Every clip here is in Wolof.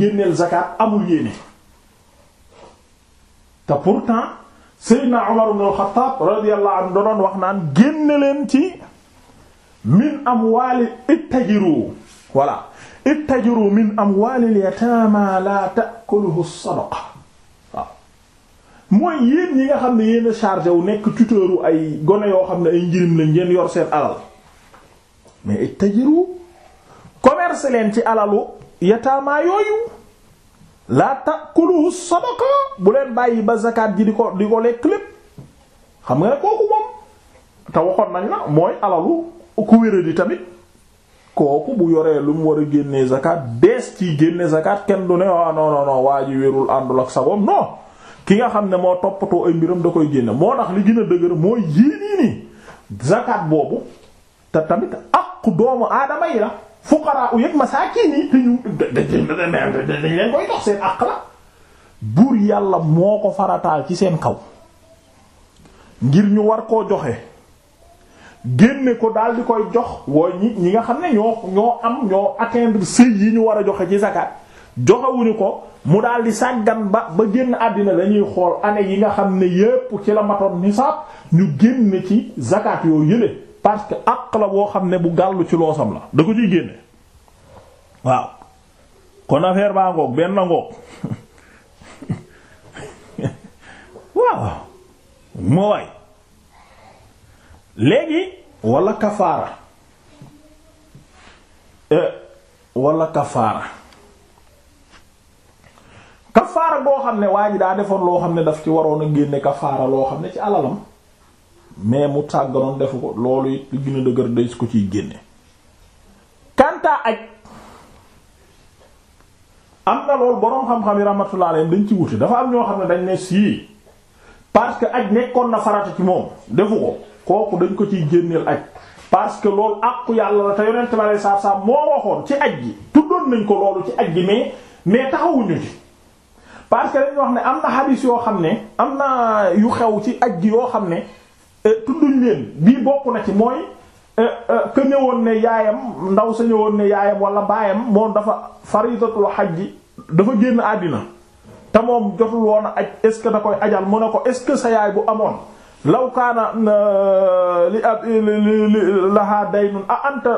génneel zakat amul yéene te pourtant Seydina Umar ibn al-Khattab radiyallahu anhu doon wax naan génne leen ci min amwaali ittajiru voilà ittajiru min amwaalil yataama laa ta'kuluhu sadaqa waaw mooy yéen yi nga xam ne yéen a chargé wu nekk tuteuru ay gone yoo xam ne ay njirim lañ ngeen yor seen alal mais ittajiru commerce leen ci alalu yataamaa yooyu laa ta'kuluhu sadaqa bu leen bàyyi ba zakat ji di ko di ko lekk lépp xam nga ne kooku moom te waxoon nañ la mooy alalu ku wéra di tamit kooku bu yoree lu mu war a génnee zakat bees ci génne zakat kenn du ne ah non non non waa ji wérul àndul ak sagoom non ki nga xam ne moo toppatoo ay mbiram da koy génne moo tax li gën a dëgër mooy yii nii boobu te tamit àqu doomu aadama yi la fuqaraa u yëg masaakiin yi te ñu dañ leen koy dox seen àq la buur yàlla moo ko farataal ci seen kaw ngir ñu war koo joxe génne ko daal di koy jox wooy ñi ñi nga xam ne ñoo ñoo am ñoo atteindre seuil yi ñu war a joxe ci zakat joxewuñu ko mu daal di sàggan ba ba génn àddina lañuy xool année yi nga xam ne yépp ci la matoon nisaab ñu génn ci zakat yoo yële parce que àq la boo xam ne bu gàllu ci loosam la da ko ciy génne waaw kon affaire baa ngoog benn ngoog waaw moo waay léegi wala kafaara euh, wala kafaara kafaara boo xam ne waa ji daa defoon loo xam ne daf ci waroon a génne kafaara loo xam ne ci alalam mais mu sàgganoon defu ko loolu it li gën a dëgër day su ko ciy génne kantaa aj am na loolu boroom xam-xam yi rahmatullah dañ ci wuti dafa am ñoo xam ne dañ ne sii parce que aj nekkoon na farata ci moom defu ko kooku dañ ko ciy génneel aj parce que loolu àqu yàlla la te yonent ma lay saab moo waxoon ci aj gi tuddoon nañ ko loolu ci aj gi mais mais taxawuñu ci parce que dañu wax ne am na hadith yoo xam ne am na yu xew ci aj gi yoo xam ne Euh, tudduñ leen bii bokku na ci mooy euh, euh, que ñëwoon ne yaayam ndaw sa ñëwoon ne yaayam walla baayam moom dafa faridatul hajji dafa génn àddina te moom jotul woon a aj est ce que da koy ajal mu ne ko est ce que sa bu amoon law kaana li ab li lahaa daynun a anta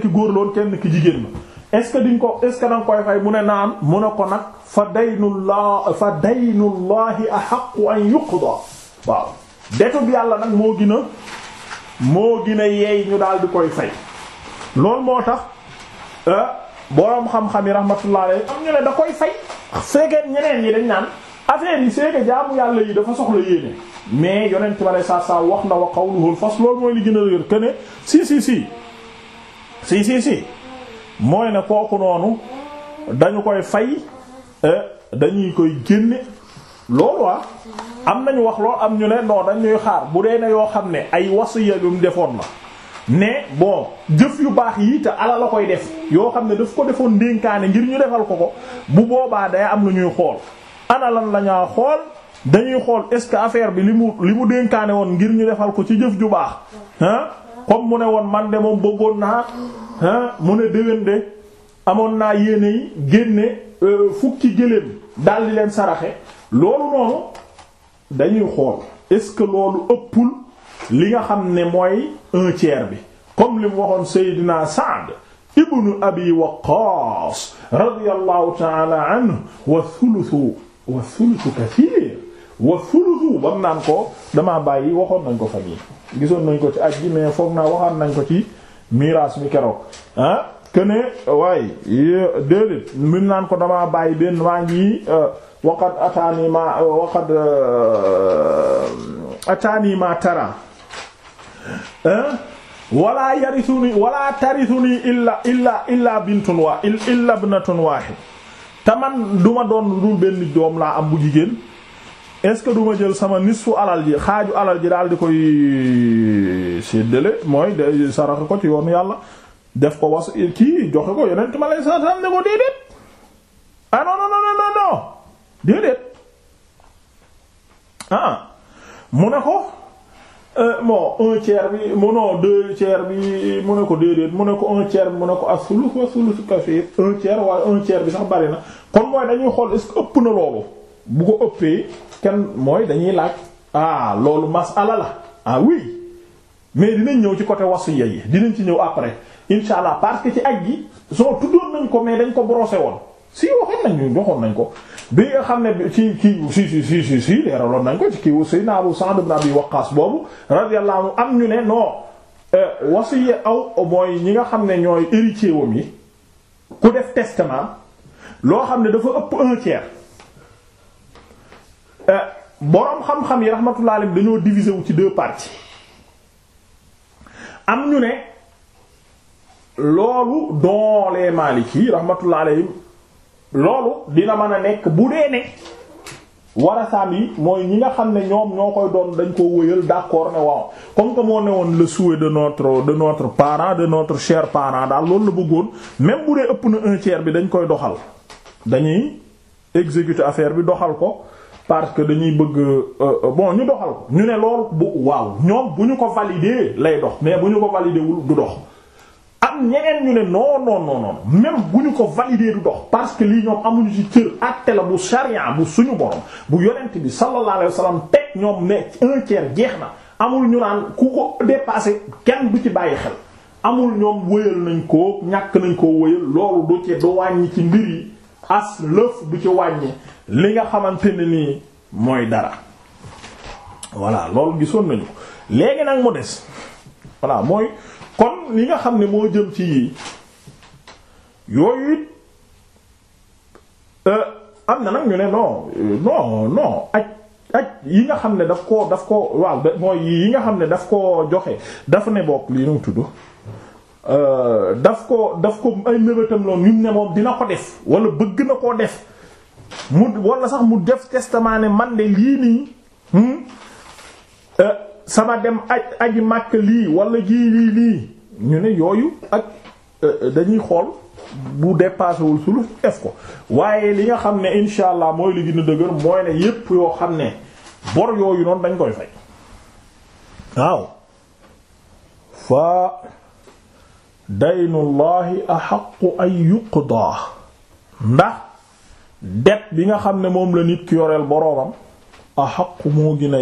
ki góor la woon ki jigéen la ko est ce que danga koy fay mu ne naan mu ne ko nag fa daynullah fa daynullahi ahaqqu an yuqda waaw detub yàlla nag moo gën a moo gën yeey ñu daal di koy fay loolu moo tax euh, boroom xam-xam yi rahmatullah alayhi am ñu ne da koy fay fekkee ñeneen yi dañ naan affaire yi c'est que jaamu yàlla yi dafa soxla yéene mais yonent bale saa saa wax na wa qawluhul fas loolu mooy li gën a réer que ne si si si mooy ne kooku noonu dañu koy fay Euh, dañuy koy génne loolu waa ah, am nañu wax loolu am ñu ne non dañuy xaar bu dee ne yoo xam ne ay wasiya yum defoon la ne bon jëf yu baax yii te ala la koy def yoo xam ne daf ko defoon dénkaane ngir ñu defal ko ko bu boobaa day am lu ñuy xool ana lan la ñaa xool dañuy xool est-ce que affaire bi li mu li mu dénkaane woon ngir ñu defal ko ci jëf ju baax ah mu ne woon man de bëggoon naa mu ne déwén de amoon naa yéene yi génne Euh, fukki gëléem daldi leen saraxe loolu noonu dañuy xool est-ce que loolu ëppul li nga xam ne mooy un tiers bi comme li mu waxoon Seydina Saad ibnu Abi Waqqaas radiyallahu ta'ala anhu wa thuluthu wa thuluthu kathiir wa thuluthu bam naan ko dama bàyyi waxoon nañ ko fa nii gisoon nañ ko ci ak gi foog naa waxoon nañ ko ci miraas mi keroog ah këne waaye déedéet mun naan ko dama bàyyi benn maa ngi euh, waqad ataani ma waqad euh, ataani ma tara wala yarisuni wala tarisuni illa illa illa bintun wa duma doon dul benn doom laa am bu jigéen est-ce que duma jël sama nisfu alal ji xaaju alal ji daal di koy séddale mooy day sarax ko ci yoonu yàlla def ko was kii joxe ko yonent ma lay saasaam ne ko déedéet ah non non non non non déedéet ah mu ne ko euh, bon un tiers bi mu ne deux tiers bi mu ne ko déedéet mu ne ko un tiers bi mu ne ko as-sulus wa sulus kafir un tiers waaye un tiers bi sax bari na kon mooy dañuy xool est-ce que ëpp na loolu bu ko ëppee kenn mooy dañuy laaj ah loolu masala la ah oui. mais dinañ ñëw ci côté wasiya yi dinañ ci ñëw après insha allah parce que ci ak gi soo tuddoon nañ ko mais dañ ko brosser woon si waxoon nañ waxoon nañ ko bi nga xam ne ci kii si si si si si leeraloon nañ naa ci kii Seydina Abu Sa'd ibn Abi Waqqas boobu radiyallahu anhu am ñu ne non euh, wasiya aw mooy ñi nga xam ne ñooy héritier wam yi ku def testament loo xam ne dafa ëpp un tiers euh, boroom xam-xam yi rahmatullahi alayhi dañoo diviser wu ci deux parties am ñu ne loolu doolee Maliki rahmatullah alayhim loolu dina mën a nekk bu dee ne warasaan yi mooy ñi nga xam ne ñoom ñoo koy doon dañ ko wëyal d'accord ne waaw comme que moo ne woon le souhait de notre de notre parent de notre cher parent daal loolu la bëggoon même bu dee ëpp na un tiers bi dañ koy doxal dañuy exécuter affaire bi doxal ko parce que dañuy bëgg euh, euh, bon ñu doxal ko ñu ne loolu bu waaw ñoom bu ñu ko valider lay dox mais bu ñu ko valider wul du dox am ñeneen ñu ne non non non bu ñu ko valider du dox parce que lii ñoom amuñu ci cër àtte la bu suñu borom bu yonent bi sallallahu alayhi wasallam teg ñoom ne un jeex na amul ñu naan ku ko dépasser kenn du ci bàyyi xel amul ñoom wëyal nañ ko ñàkk nañ koo wëyal loolu du ci du wàññi ci mbir yi. as lëf bu ci wàññi li nga xamante ne nii mooy dara voilà loolu gisoon nañu léegi nag mu des voilà mooy kon li nga xam ne moo jëm ci yii yooyu it euh, am na nag ñu ne non non no aj aj yi nga xam ne daf koo daf ko waaw mooy yi nga xam ne daf koo joxe dafa ne bokk lii nu tudd Euh, daf ko daf ko ay mébétam loon ñu ne moom dina ko def wala bëgg na koo def mu walla sax mu def testament ne man de lii nii hmm? euh, sama dem aj aji màkk lii walla jii lii lii ñu ne yooyu ak euh, dañuy xool bu dépassé wul suluf def ko waaye li nga xam ne insha allah mooy li gën a dëgër mooy ne yépp yoo xam ne bor yooyu noonu dañ koy fay waaw fa daynullahi axaqu an yuqdaa ndax det bi nga xam ne moom la nit ki yoreel boroomam axaqu moo gën a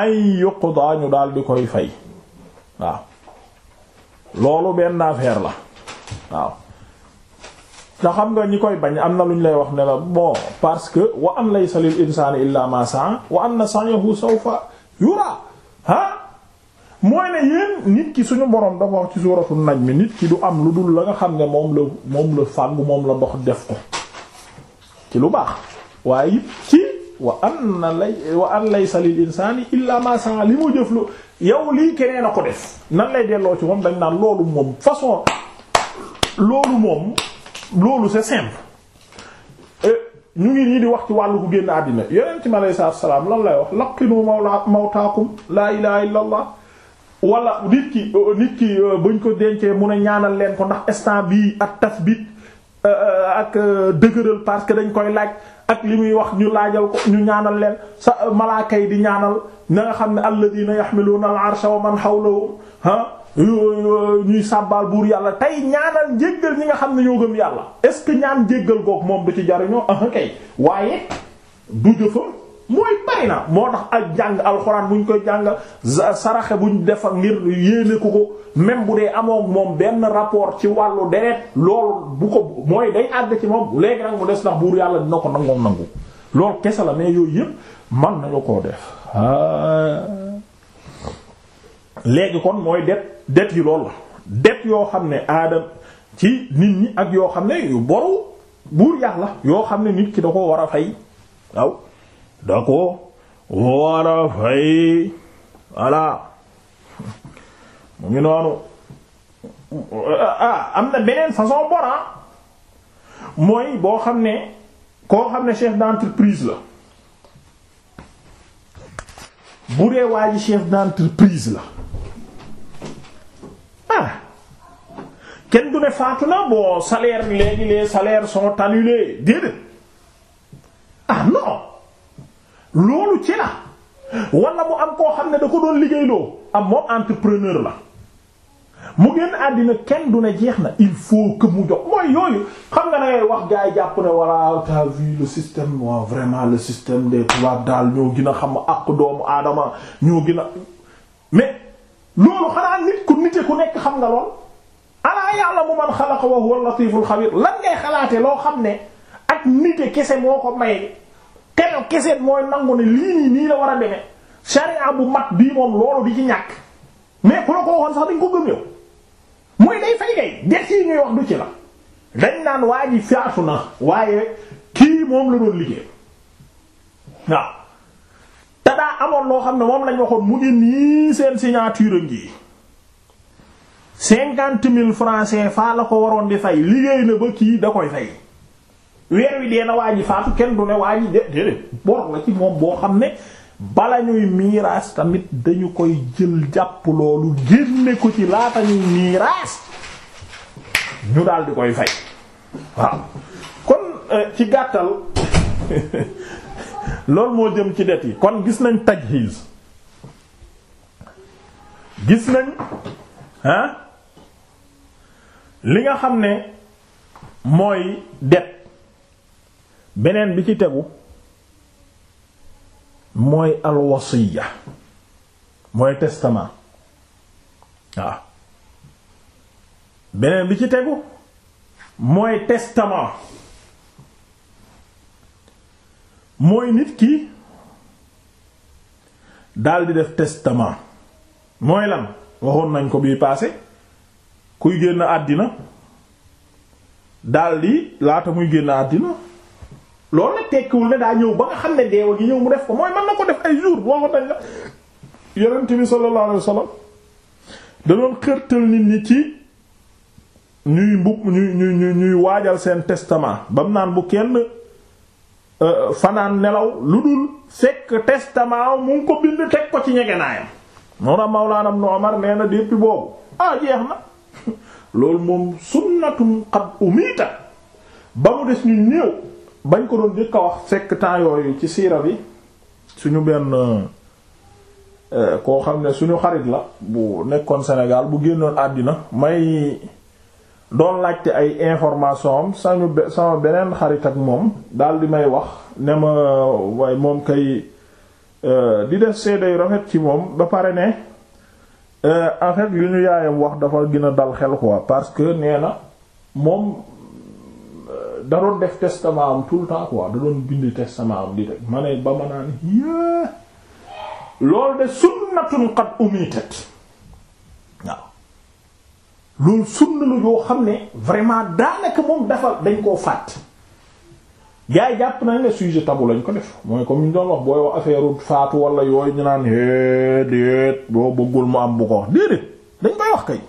an yuqdaa ñu daal di koy fay waaw loolu benn affaire la waaw te xam nga ñi koy bañ am na lu ñu lay wax ne la bon parce que wa am laysa lil insaani illa ma sa'a wa anna sa'yahu sawfa yura ha mooy ne yéen nit ki suñu borom dafa wax ci suuratu naj mi nit ki du am lu dul la nga xam ne moom la moom la fàggu moom la dox def ko ci lu baax waaye it ci wa an na lay wa an laysa illa ma sa'a li mu jëf lu yow lii keneen a ko def nan lay delloo ci dañ naan loolu moom façon loolu moom loolu c'est simple ñu ngi di wax ci wàllu ku génn àddina yonent mi alayhi salaam lan lay wax laqinu mawla mawtaakum laa ilaha wala nit ki euh, euh, nit ki euh, buñ ko dencee mun a ñaanal leen ko ndax instant bii ak tasbit ak dëgëral parce que dañ koy laaj ak li muy wax ñu laajal ko ñu ñaanal leen sa malaaka yi di ñaanal na nga xam ne alladina yaxmiluuna al arsha wa man xawlahu ha ñuy sàbbaal buur yàlla tey ñaanal njéggal ñi nga xam ne ñoo gëm yàlla est ce que ñaan njéggal goog moom du ci jariñoo ah kay waaye du jëfam mooy bari na moo tax ak jàng alxuraan bu ñu koy jàng saraxe bu ñu def ngir yéene ko ko même bu dee amoo moom benn rapport ci wàllu deret loolu bu ko mooy day àgg ci moom léegi nag mu des ndax buur yàlla dina ko nangoom nangu loolu kese la mais yooyu yëpp man nañu koo def léegi kon mooy det det yi loolu la det yoo xam ne aadam ci nit ñi ak yoo xam ne yu boru buur yàlla yoo xam ne nit ci da ko war a fay waaw da ko a fay voilà mu ngi noonu ah, am na beneen façon boran ah. mooy boo xam ne koo xam ne chef d'entreprise la bu dee waa ji chef d'entreprise la ah kenn du ne faatu na bon salaire léegi les salaires sont annulés déedéet ah non loolu ci la wala mu am koo xam ne da ko doon liggéey liggéeyloo am moom entrepreneur la mu génn àddina kenn du ne jeex na il faut que mu jox mooy yooyu xam nga ne wax gars yi jàpp ne voilà t'as waa vraiment le système des tubaab daal xam ak doomu aadama ñoo gën a mais loolu ku nite xam nga lool alaa ya'lamu man xalaqa wa huwa al-latiful xabiir lan ngay xalaate loo xam ne ak nit kese moo ko may xel keseet mooy nangu ne lii nii nii la war a demee sharia bu mat bii moom loolu di ci ñàkk mais ku la ko waxoon sax dañ ko gëm yow mooy day fay gay des yi ñuy wax du ci la dañ naan waa ji fiasu na waaye kii moom la doon liggéey waaw te daa amoon loo xam ne moom lañ waxoon mu ngi nii seen signature ngi cinquante mille francs CFA la ko waroon di fay liggéey na ba kii da koy fay weer wi dee na waa ji faatu kenn du ne waa ji déedéet bor la ci moom boo xam ne bala ñuy miiraas tamit dañu koy jël jàpp loolu génne ko ci laata ñuy miiraas ñu daldi koy fay waaw kon euh, ci gàttal loolu moo jëm ci det yi kon gis nañ tajhiz gis nañ ah li nga xam ne mooy det beneen bi ci tegu mooy alwasiya mooy testament waaw beneen bi ci tegu mooy testament mooy nit ki daldi def testament mooy lan waxoon nañ ko bii passé kuy génn àddina daldi laata muy génn àddina loolu nag tekkiwul ne daa ñëw ba nga xam ne deewa gi ñëw mu def ko mooy man na ko def ay jours boo ko dañ la yonent bi sallallahu alayhi wasallam da doon nit ñi ci ñuy mbub ñuy ñuy ñuy waajal seen testament bam naan bu kenn euh, fanaan nelaw lu dul sekk testament mu ko bind teg ko ci ñegenaayam noonu am Mawlaana Ibn Umar nee na depuis boobu ah jeex na loolu moom sunnatum qad umita ba mu des ñu néew bañ ko doon jëkk a wax fekk temps yooyu ci siira bi suñu benn euh, koo xam ne suñu xarit la bu nekkoon Sénégal bu génnoon àddina may doon laajte ay information am sama beneen xarit ak moom daal di may wax ne ma waaye moom kay euh, di def seede yu rafet ci moom ba pare ne euh, en fait li ñu yaayam wax dafa gën dal xel quoi parce que nee na moom da doon def testament am tout le temps quoi da doon bind testament am di rek ma ne ba ma naan yée loolu de sunnatun qad umitat waaw loolu sunna lu yoo xam ne vraiment daanaka moom dafa dañ koo fàtt gars yi jàpp nañ ne sujet tabou lañ ko def mooy comme ñu doon wax booy wax affaire faatu wala yooyu ñu naan é déet boo bëggul mu am bu ko déedéet dañ koy wax kay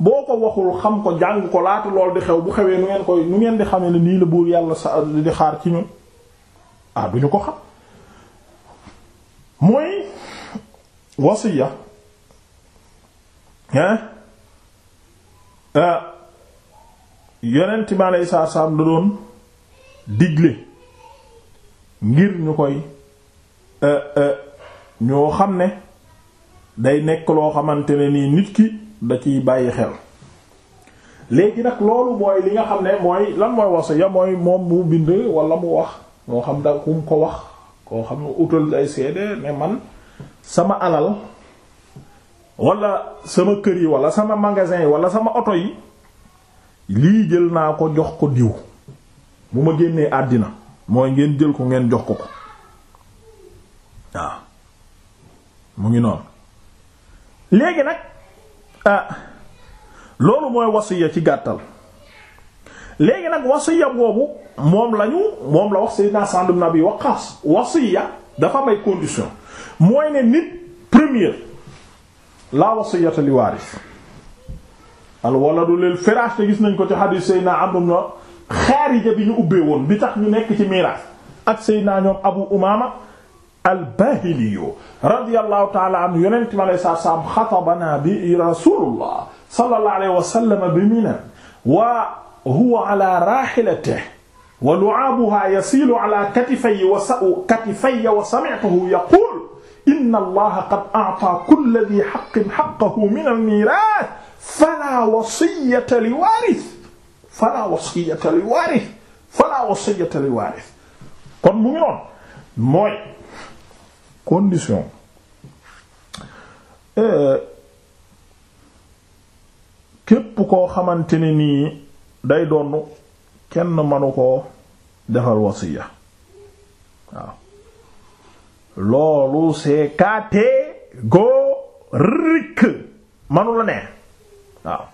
boo ko waxul xam ko jàng ko laatu lool di xew bu xewee nu ngeen koy nu ngeen di xamee ne nii la buur yàlla sa di xaar ci ñun ah duñu ko xam mooy wasiya hein euh, yonent mi aleyhi salaatu salaam doon digle ngir ñu koy euh, euh, ñoo xam ne day nekk loo xamante ne nii nit ki da ciy bàyyi xel léegi nag loolu mooy li nga xam ne mooy lan mooy wasiya yamooy moom mu bind wala mu wax moo xam da ku mu ko wax koo xam ne utal ay seede ne man sama alal wala sama kër yi wala sama magasin yi wala sama oto yi lii jël naa ko jox ko diw bu ma génnee àddina mooy ngeen jël ko ngeen jox ko ko waaw mu ngi noonu léegi nag Ah. loolu mooy wasiya ci gàttal léegi nag wasiya boobu moom lañu moom la wax sayyidina Sa'd ibn Abi Waqqas wasiya dafa may condition mooy ne nit première la wasiyata li waaris al waladu lil firaash te gis nañ ko ci xadiis sayyidina Amr ibn Xaarija bi ñu ubbee woon bi tax ñu nekk ci miraas ak sayyidina ñoom Abu Umaama albahiliyu radiyallahu taala anhu yonent mi alayhi salaatu salaam xatabana bi rasulullah sallallahu alayhi wa sallam bi Mina wa huwa ala raahilatihi wa lu'aabuhaa yasiilu ala katifayhi wa katifayhi wa sami'tuhu yaquulu inna allaha qad a'taa kulla dhii haqqin haqqahu mina al-miiraath falaa wasiyyata liwaarith falaa wasiyyata liwaarith falaa wasiyyata liwaarith kon mu ngi noonu mooy condition euh, képp koo xamante ne nii day donn kenn manu koo defal wasiya waaw loolu c'est catégorique manu la ne waaw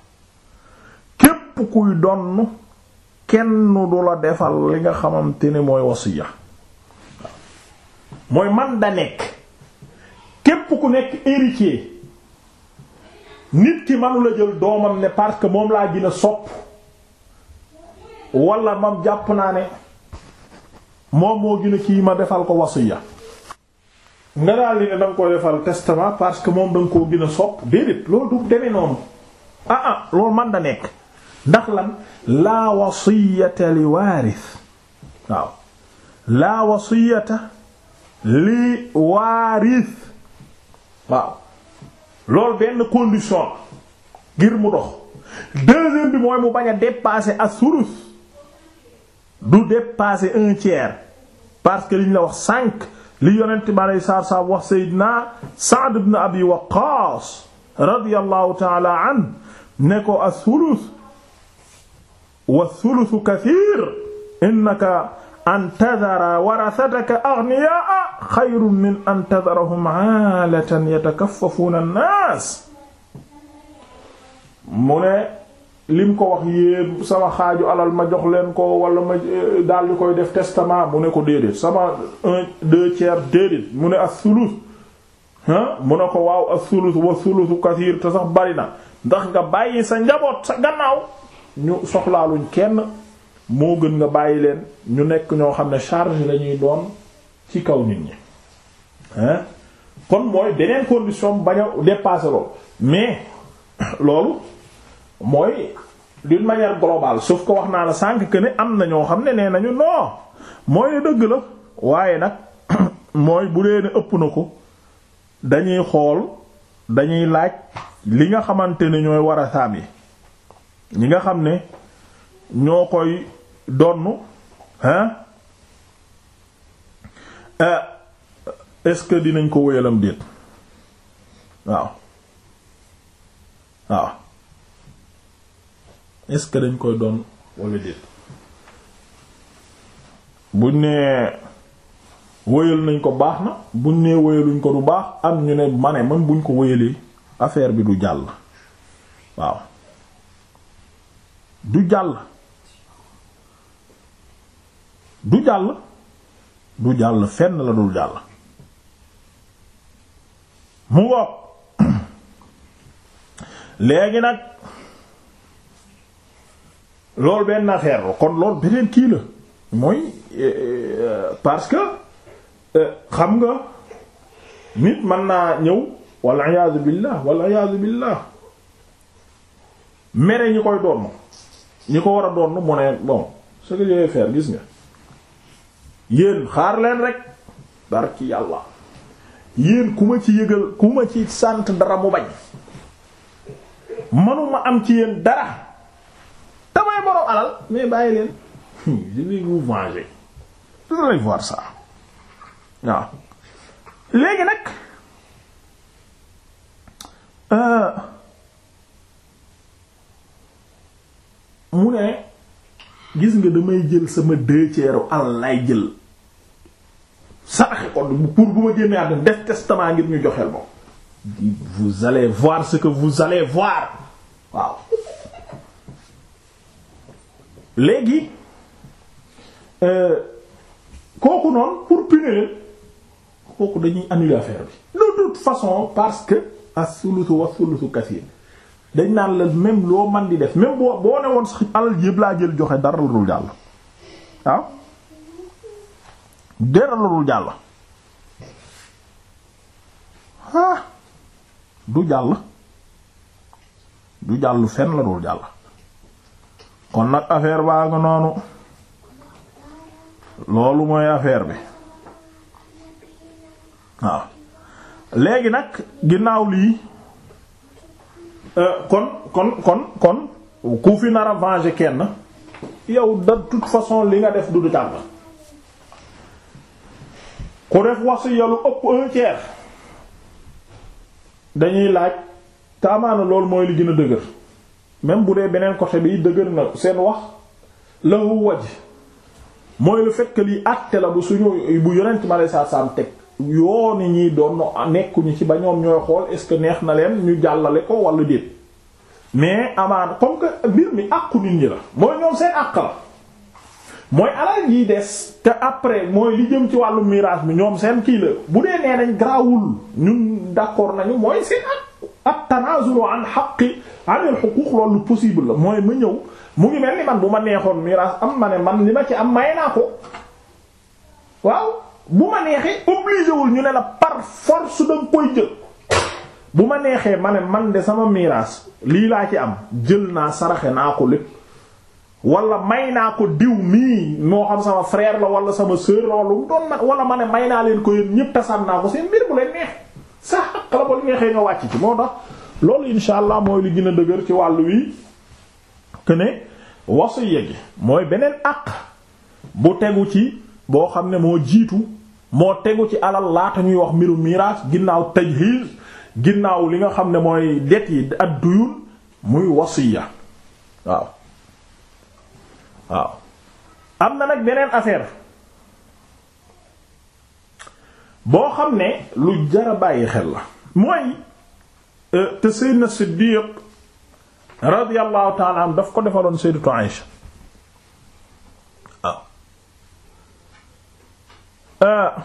képp kuy donn kenn du la defal li nga xamante ne mooy wasiya mooy man da nekk képp ku nekk héritier nit ki manu la jël doomam ne parce que moom laa gën a sopp wala mam jàpp naa ne moom moo gën kii ma defal ko wasiya nga daal li ne danga koy defal testament parce que moom danga ko gën sopp déedéet loolu du demee noonu ah ah loolu man da nekk ndax lan laa wasiyata li waaris waaw laa wasiyata li waaris waaw loolu benn condition ngir mu dox deuxième bi mooy mu bañ a dépasser as-sulus du dépasser un tiers parce que li la wax cinq li yonent bi aleyhi salaatu wax Seydina Sa'd ibn Abi Waqqaas radiyallahu ta'ala an ne ko as-sulus wa sulusu kathiir innaka an tadara warasataka aghniyaa xayrun min an tadarahum aalatan yatakaffafuuna an mu ne lim ko wax yéen sama xaaju alal ma jox leen ko wala ma eh, daal di koy def testament mu ne ko déedéet sama un deux tiers déedéet mu ne as-sulus mu ne ko waaw as-sulus wa sulusu kasiir te sax bari na ndax nga bàyyi sa njaboot sa gannaaw ñu soxlaaluñ kenn. moo gën nga bàyyi leen ñu nekk ñoo xam ne charge lañuy ñuy doon ci kaw nit ñi kon mooy beneen condition bañ a dépasser loolu mais loolu mooy d'une manière globale sauf que wax naa la sànq que ne am na ñoo xam ne nee nañu non mooy ne dëgg la waaye nag mooy bu dee ne ëpp na ko dañuy xool dañuy laaj li nga xamante ne ñooy war a saam yi ñi nga xam ne ñoo koy donn hein euh, est-ce que dinañ ko wéyalam déet waaw waaw est-ce que dañ koy doon wala déet buñ nee wéyal nañ ko baax na bu buñ nee wéyaluñ ko du baax am ñu ne ma ne man buñ ko wéyalee affaire bi du jàll waaw du jàll du jàll du jàll fenn la dul jàll mu ngoog léegi nag loolu benn affaire la kon loolu beneen kii la mooy euh, euh, parce que euh, xam nga nit mën naa ñëw walla iyaazu billaah walla iyaazu billaah mere ñi koy doon ñi ko war a doon mu ne bon ce que je vais gis nga yéen xaar leen rek dar ci yàlla yéen ku ma ci yëgal ku ma ci sant dara mu bañ manuma am ci yéen dara damay borom alal mais bàyyi leen je vais vous euh, mu ne gis nga damay jël sama deux tiers alal lay jël saraxe ko pour bu ma génnee àddina def testament ngir ñu joxeel moom vous allez voir ce que vous allez voir waaw léegi euh, kooku noonu pour punir kooku dañuy annuler affaire bi de toute façon parce que as-sulusu was-sulusu kasiir dañ naan la même loo man di def même boo boo ne woon sax alal yëpp laa jël joxe dara dul jàll waaw ah? dara la dul jàll ah du jàll du jàll fenn la dul jàll kon nag affaire baa nga noonu loolu mooy affaire bi waaw léegi nag ginnaaw lii euh, kon kon kon kon ku fi nar a venger kenn yow de toute façon li nga def du du jàll ku def wasiya lu ëpp un dañuy laaj te amaana loolu mooy li jën a dëgër même bu dee beneen côté bi dëgër na seen wax la wu waj mooy lu fekk que lii àtte la bu suñu bu yonent ma lay saa saam teg yooni ñiy doon nekkuñu ci ba ñoom ñooy xool est-ce que neex na leen ñu jàllale ko wala déet mais amaana comme que mbir mi àqu nit ñi la mooy ñoom seen àq la mooy alal yi des te après mooy li jëm ci wàllu miraas bi ñoom seen kii la bu dee nee nañ garaawul ñun d'accord nañu mooy seen ak ak tanaazul an haqqi anil huquuq loolu possible la mooy ma ñëw mu ngi mel ni man bu ma neexoon miraas am ma ne man li ma ci am maye naa ko waaw bu ma neexee obligé ñu ne la par force danga koy jël bu ma neexee ma ne man de sama miraas lii laa ci am jël naa saraxe naa ko lépp wala may naa ko diw mii moo xam sama frère la wala sama sœur la wala mu doon man wala ma ne may naa leen ko yéen ñëpp tasaan naa ko seen mbir bu leen neex sa xaq la ba lu neexee nga wàcc ci moo tax loolu insha allah mooy li gën a dëgër ci wàllu wi que ne mooy beneen àq bu tegu ci boo xam ne moo jiitu moo tegu ci alal laata ñuy wax mbiru miraas ginnaaw tajhiz ginnaaw li nga xam ne mooy det yi ak duyul muy wasiya waaw waaw am na nag beneen affaire boo xam ne lu jara bàyyi xel la mooy euh, te Seydina Siddiq radiyallahu ta'ala anhu daf ko defaloon Sayyidatu Aïsha waaw ah. euh,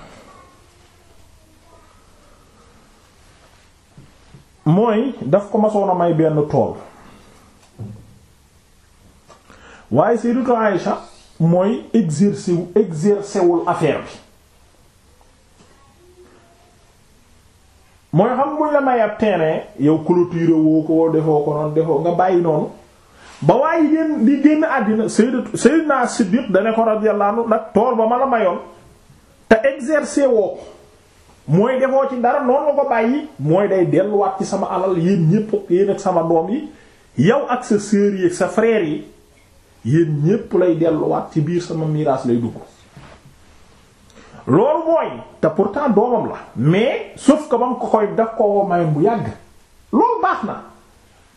mooy daf ko masoon a may benn tool waaye sayyidatu Aïcha mooy exercer wu exercer wul affaire bi mooy xam muñ la may ab terrain yow clôture woo ko defoo ko noonu defoo nga bàyyi noonu ba waaye génn di génn àddina sayyidatu sayyidna Siddiq dane ko radiyallahu anhu nag tool ba ma la mayoon te exercer woo ko mooy defoo ci dara noonu nga ko bàyyi mooy day delluwaat ci sama alal yéen ñépp yéen ak sama doom yi yow ak sa sœur yi ak sa frère yi yéen ñépp lay delluwaat ci biir sama miraas lay dugg loolu mooy te pourtant doomam la mais sauf ko ba nga ko koy daf ko mayoon bu yàgg loolu baax na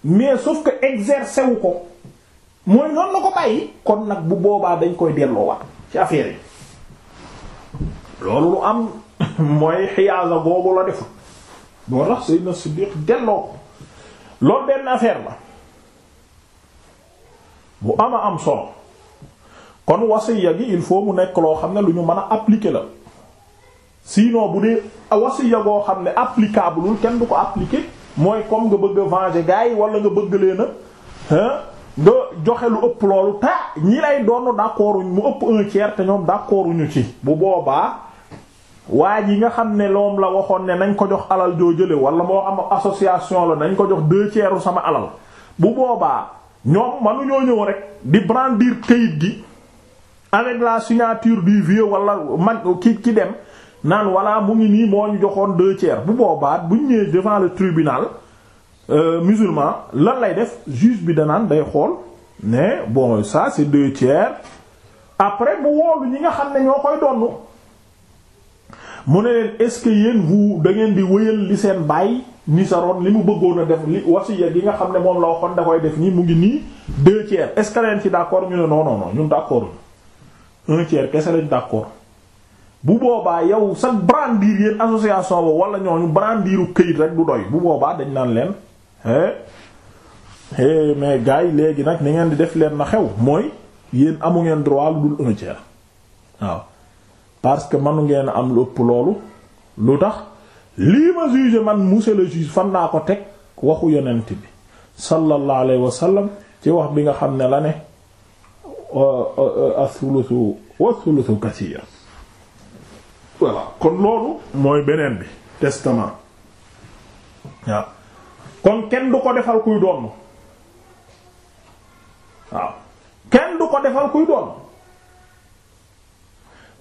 mais sauf que exercer wu ko mooy noonu la ko bàyyi kon nag bu boobaa dañ koy delloowaat ci affaire yi loolu lu am mooy xiyaasa boobu la def boo tax Seydina Siddiq delloo loolu benn affaire la bu ama am solo kon wasiya gi il faut mu nekk loo xam ne lu ñu mën a appliquer la sinon bu dee wasiya goo xam ne applicable lul kenn du ko appliquer mooy comme nga bëgg a venger gars yi wala nga bëgg leena a nga joxe lu ëpp loolu ta ñi lay doon d'accord mu ëpp un tiers te ñoom d'accord ñu ci bu boobaa waa ji nga xam ne loom la waxoon ne nañ ko jox alal joo jële wala moo am association la nañ ko jox deux tiers sama alal bu boobaa ñoom manuñoo ñëw rek di brandir kayit gi avec la signature du vieux wala mag ki ki dem naan wala mu ngi nii moo joxoon deux tiers bu boobaa buñ ñëwee devant le tribunal euh, musulman lan lay def juge bi danaan day xool mais bon ça c'est deux tiers après bu woolu ñi nga xam ne ñoo koy donn mu ne leen est-ce que yéen vous da ngeen di wëyal li seen baay nisaroon li mu bëggoon a def li wasiya yi nga xam ne moom la waxoon da koy def nii mu ngi nii deux tiers est-ce leen ci d'accord ñu ne non non non ñun d'accord un tiers kese bu boobaa yow sa brandir yéen association ba wala ñooñu brandiru këyit rek du doy bu boobaa dañ naan leen eh, eh mais gars yi léegi nag ni ngeen di def leen na xew mooy yéen amu ngeen droit lu dul un waaw. parce que manu ngeen am lu ëpp loolu lu tax lii ma juge man monsieur juge fan naa ko teg waxu yonent bi sallallahu alayhi wa sallam ci wax bi nga xam ne la ne euh, euh, athuluthu wa thuluthu kathir kon loolu mooy beneen bi testament waaw kon kenn du ko defal kuy doon waaw kenn du ko defal kuy doon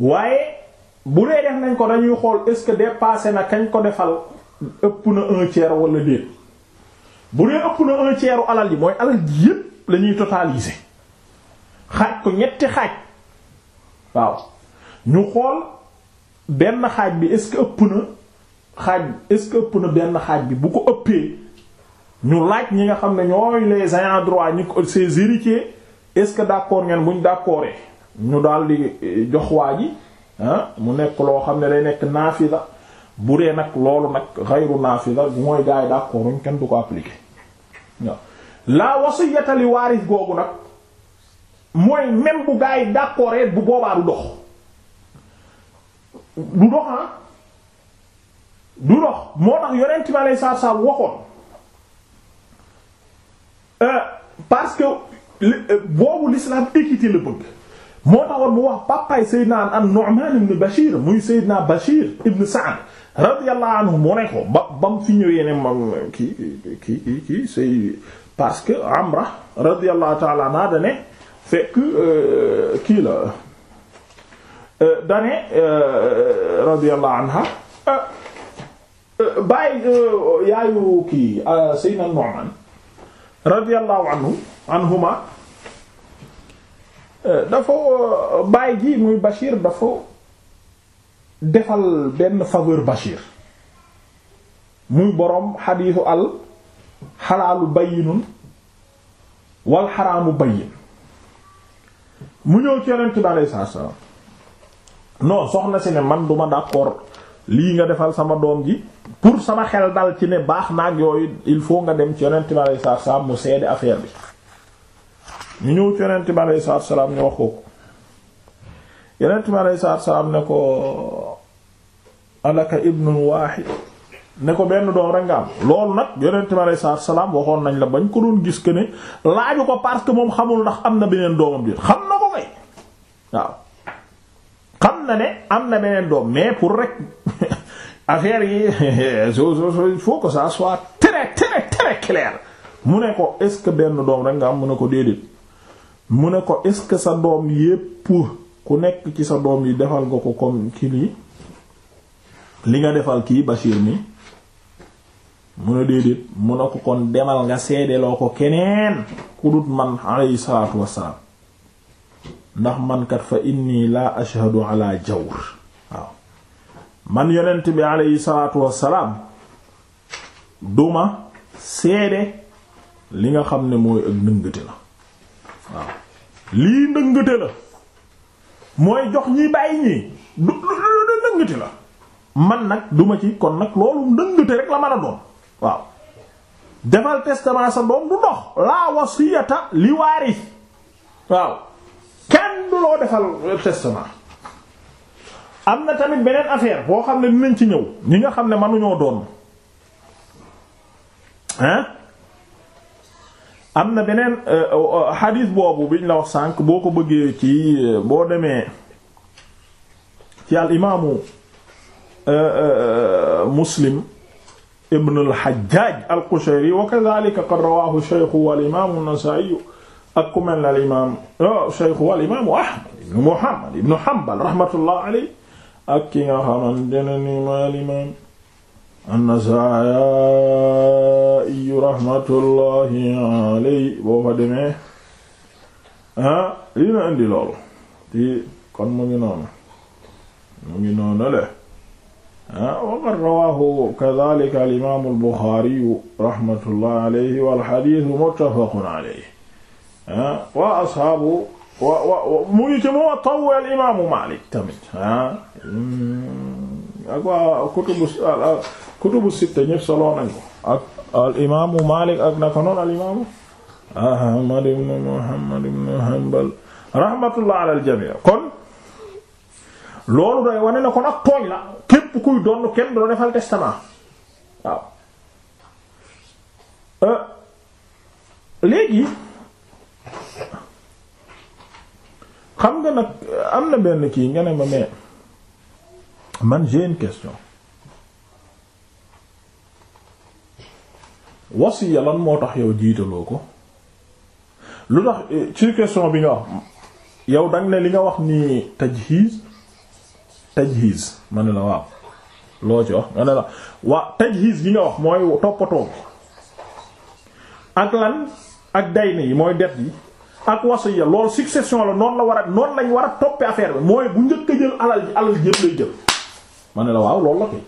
waaye bu dee def nañ ko dañuy xool est-ce que dépassé na kañ ko defal ëpp na un tiers wala déet bu dee ëpp na un tiers alal yi mooy alal ji yépp la ñuy totaliser xaaj ko ñetti xaaj waaw ñu xool benn xaaj bi est-ce que ëpp na xaaj est-ce que ëpp na benn xaaj bi bu ko ëppee ñu laaj ñi nga xam ne ñooy les ayants droit ñi ko ses est-ce que d'accord ngeen buñ d'accordé ñu daal di eh, jox waa ah, mu nekk loo xam ne day nekk naafida bu dee nag loolu nag xayru naafida mooy gaay d'accord ñu kenn du ko appliquer waaw laa wasiyata bu boobaa du dox du ah. du dox moo tax waxoon euh, parce que euh, boobu l'islam équité la bëgg moo taxoon mu wax papaay Seydina an-Nu'man ibn Bashir muy Seydina Bashir ibn Sa'd radiyallahu anhu mu ne ko ba ba mu fi ñëwee ne moom kii kii kii c'est parce que Amra radiyallahu ta'ala anha da ne fekk euh, kii la euh, da ne euh, radiyallahu anha bàyyi yaayu kii Seydina Nu'man radiyallahu anhu anhuma dafa euh, bàyyi ji muy Bachir dafa defal benn faveur Bachir muy boroom xadiisu àll xalaalu bayyinun wal xaraamu bayyin mu ñëw ci yonent bi alayhi salaatu salaam non soxna si ne man duma d'accord lii nga defal sama doom ji pour sama xel dal ci ne baax naag yooyu il faut nga dem ci yonent bi alayhi salaatu salaam mu seede affaire bi ñu ñëw ci yonent bi aleyhi salaatu salaam ñu wax ko yonent bi aleyhi salaatu salaam ne ko alaka ibnun waahid ne ko benn doom rek nga am loolu nag yonent bi aleyhi salaatu salaam waxoon nañ la bañ ko doon gis que ne laaju ko parce que moom xamul ndax am na beneen doomam bi xam na na ne am na doom mais pour rek affaire yi il faut que ça soit très très très clair mu ne ko est-ce que benn doom rek nga am mu ne ko déedéet. mu ne ko est-ce que sa doom yépp ku nekk ci sa doom yi defal nga ko comme ki li nga defal kii Bachir mi mu ne déedéet mu ne ko kon demal nga seedeloo ko keneen ku dut man alayhi salaatu wassalaam ndax mankat fa inni la ashhadu ala jawr waaw man yonent bi alayhi salaatu wassalaam duma seede li nga xam ne mooy ak nëngati la waaw lii ndëngate la mooy jox ñi bàyyi ñii du ndëngate la man nag duma ci kon nag loolu ndëngate rek la mën a doon waaw du dox laa wasiyata li waaw kenn du loo defal testament am na tamit beneen affaire boo xam ne dinañ ci ñëw ñi nga xam ne mënuñoo doon hein am na beneen xadiis euh, euh, boobu biñ la wax sànq boo ko bëggee ci euh, boo demee ci al imaamu muslim ibn al xajjaaj al qushayri wa kadhalika qad rawahu shaykhu wal imaamu nasaa'i ak ku mel ne al imaam shaykhu wal imaamu ahmad ibn muhammad ibn hanbal rahmatullah alayhi ak ki nga xamante ne ni ma al imaam an-Nasaa'i rahmatullahi alayhi boo fa demee ah lii na indi loolu ti kon mu ngi noonu mu ngi noonu le ah wa qad rawaahu kadhaalika al-imaam al-Bukhaari rahmatullahi alayhi wal hadiith muttafaqun alayhi ah wa ashaabu wa wa mu ngi ci Muwatta al-imaamu Maalik tamit ah hmm, ak waa kutubu kutubu sitta ñëpp solo nañ ko ak al Maalik ak naka noonu al imaamu Ahmad ibn Muhammad ibn Hanbal rahmatullah kon loolu day wane na kon ak tooñ la képp kuy doon kenn doo defal testament euh, léegi xam nga nag am na benn kii nga ma mais man j'ai question wasiya lan moo tax yow jiitaloo ko lu tax eh, ci bi nga wax yow dang ne li nga wax ni tajhiz tajhiz ma ne la waaw loo wax nga ne la waa tajhiz gi nga wax mooy toppatoo ak lan ak dayn yi mooy det yi ak wasiya loolu succession la noonu la war a lañ war a toppee affaire bu njëkk a jël alal ma ne la waaw loolu la koy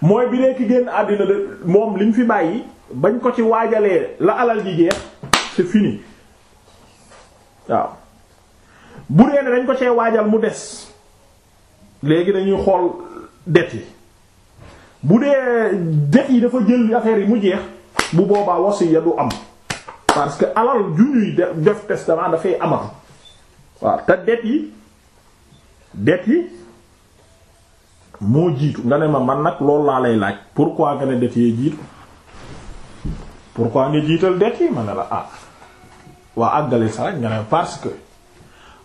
mooy bi nekk génn àddina de moom li fi bàyyi bañ ko ci waajalee la alal ji jeex c'est fini waaw bu dee ne dañ ko cee waajal mu des léegi dañuy xool det yi bu dee det yi dafa jël affaire yi mu jeex bu boobaa wasiya du am parce que alal ju ñuy def testament dafay amatu waaw te det yi det yi moo jiitu nga ne ma man nag loolu laa lay laaj pourquoi nga ne det yee jiitu pourquoi nga jiital det yi ma ne la ah waa àggale sa nga ne parce que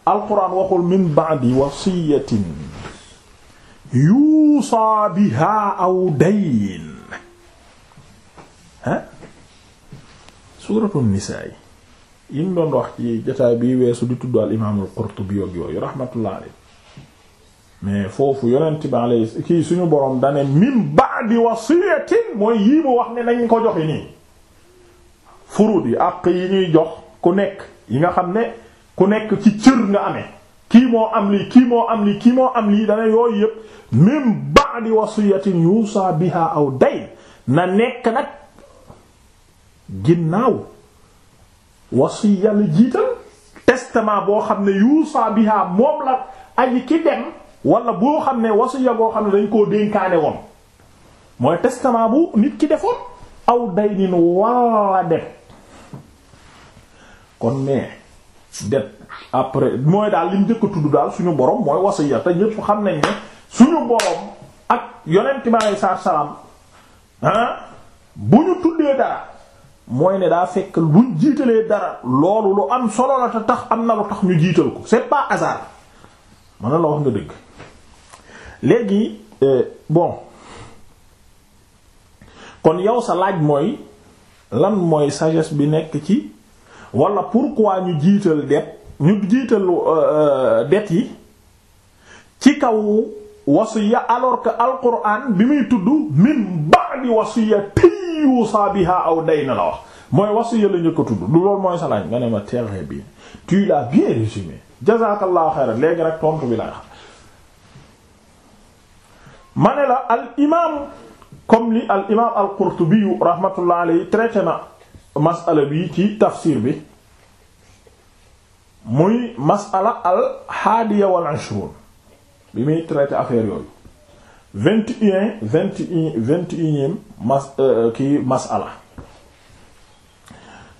alquran waxul min ba'di wasiyatin yuusa biha aw dayn ah suuratu nisaa yi yi doon wax ci jotaay bi weesu di tudd al imaamul Qurtubi yoog yooyu rahmatullah alayhi mais foofu yonent bi kii suñu borom dane min ba'di wasiyatin mooy yii mu wax ne nañ ko joxe nii furud yi àq yi ñuy jox ku nekk yi nga xam ne ku nekk ci cër nga ame kii moo am lii kii moo am lii kii moo am lii dana yooyu yëpp min ba'di wasiyatin yusa aw day nekk nag ginnaaw wasiya la jiital testament boo xam ne yusa biha moom la aji ki dem wala boo xam ne wasiya boo xam ne dañ koo dénkaane woon mooy testament bu nit ki defoon aw day nin wala dem kon mais det après mooy daal lim njëkk a tudd daal suñu borom mooy wasiya te ñépp xam nañ ne suñu borom ak yonent bi aleyhi salaatu salaam ah bu ñu tuddee dara mooy ne daa fekk buñ jiitalee dara loolu lu am solo la te tax am na lu tax ñu jiital ko c'est pas hasard mën na la wax nga dëgg léegi euh, bon kon yow sa laaj mooy lan mooy sagesse bi nekk ci. wala pourquoi ñu jiital det ñu jiital euh, euh, det yi ci kaw wasiya alors que alquran bi muy tudd min ba'di wasiyati yusa biha aw dayna la wax mooy wasiya la ñu ko tudd du loolu mooy salañ nga ne ma très bien tu l'as bien résumé jazakallahu xayran léegi rek tontu bi laay xam ma ne la al imam comme li al imam al qurtubi rahmatullah alayhi traité na masala bi ci tafsir bi muy masala al wal ashrun bi muy traité affaire yooyu vingt et un vingt un vingt et mas euh, kii masala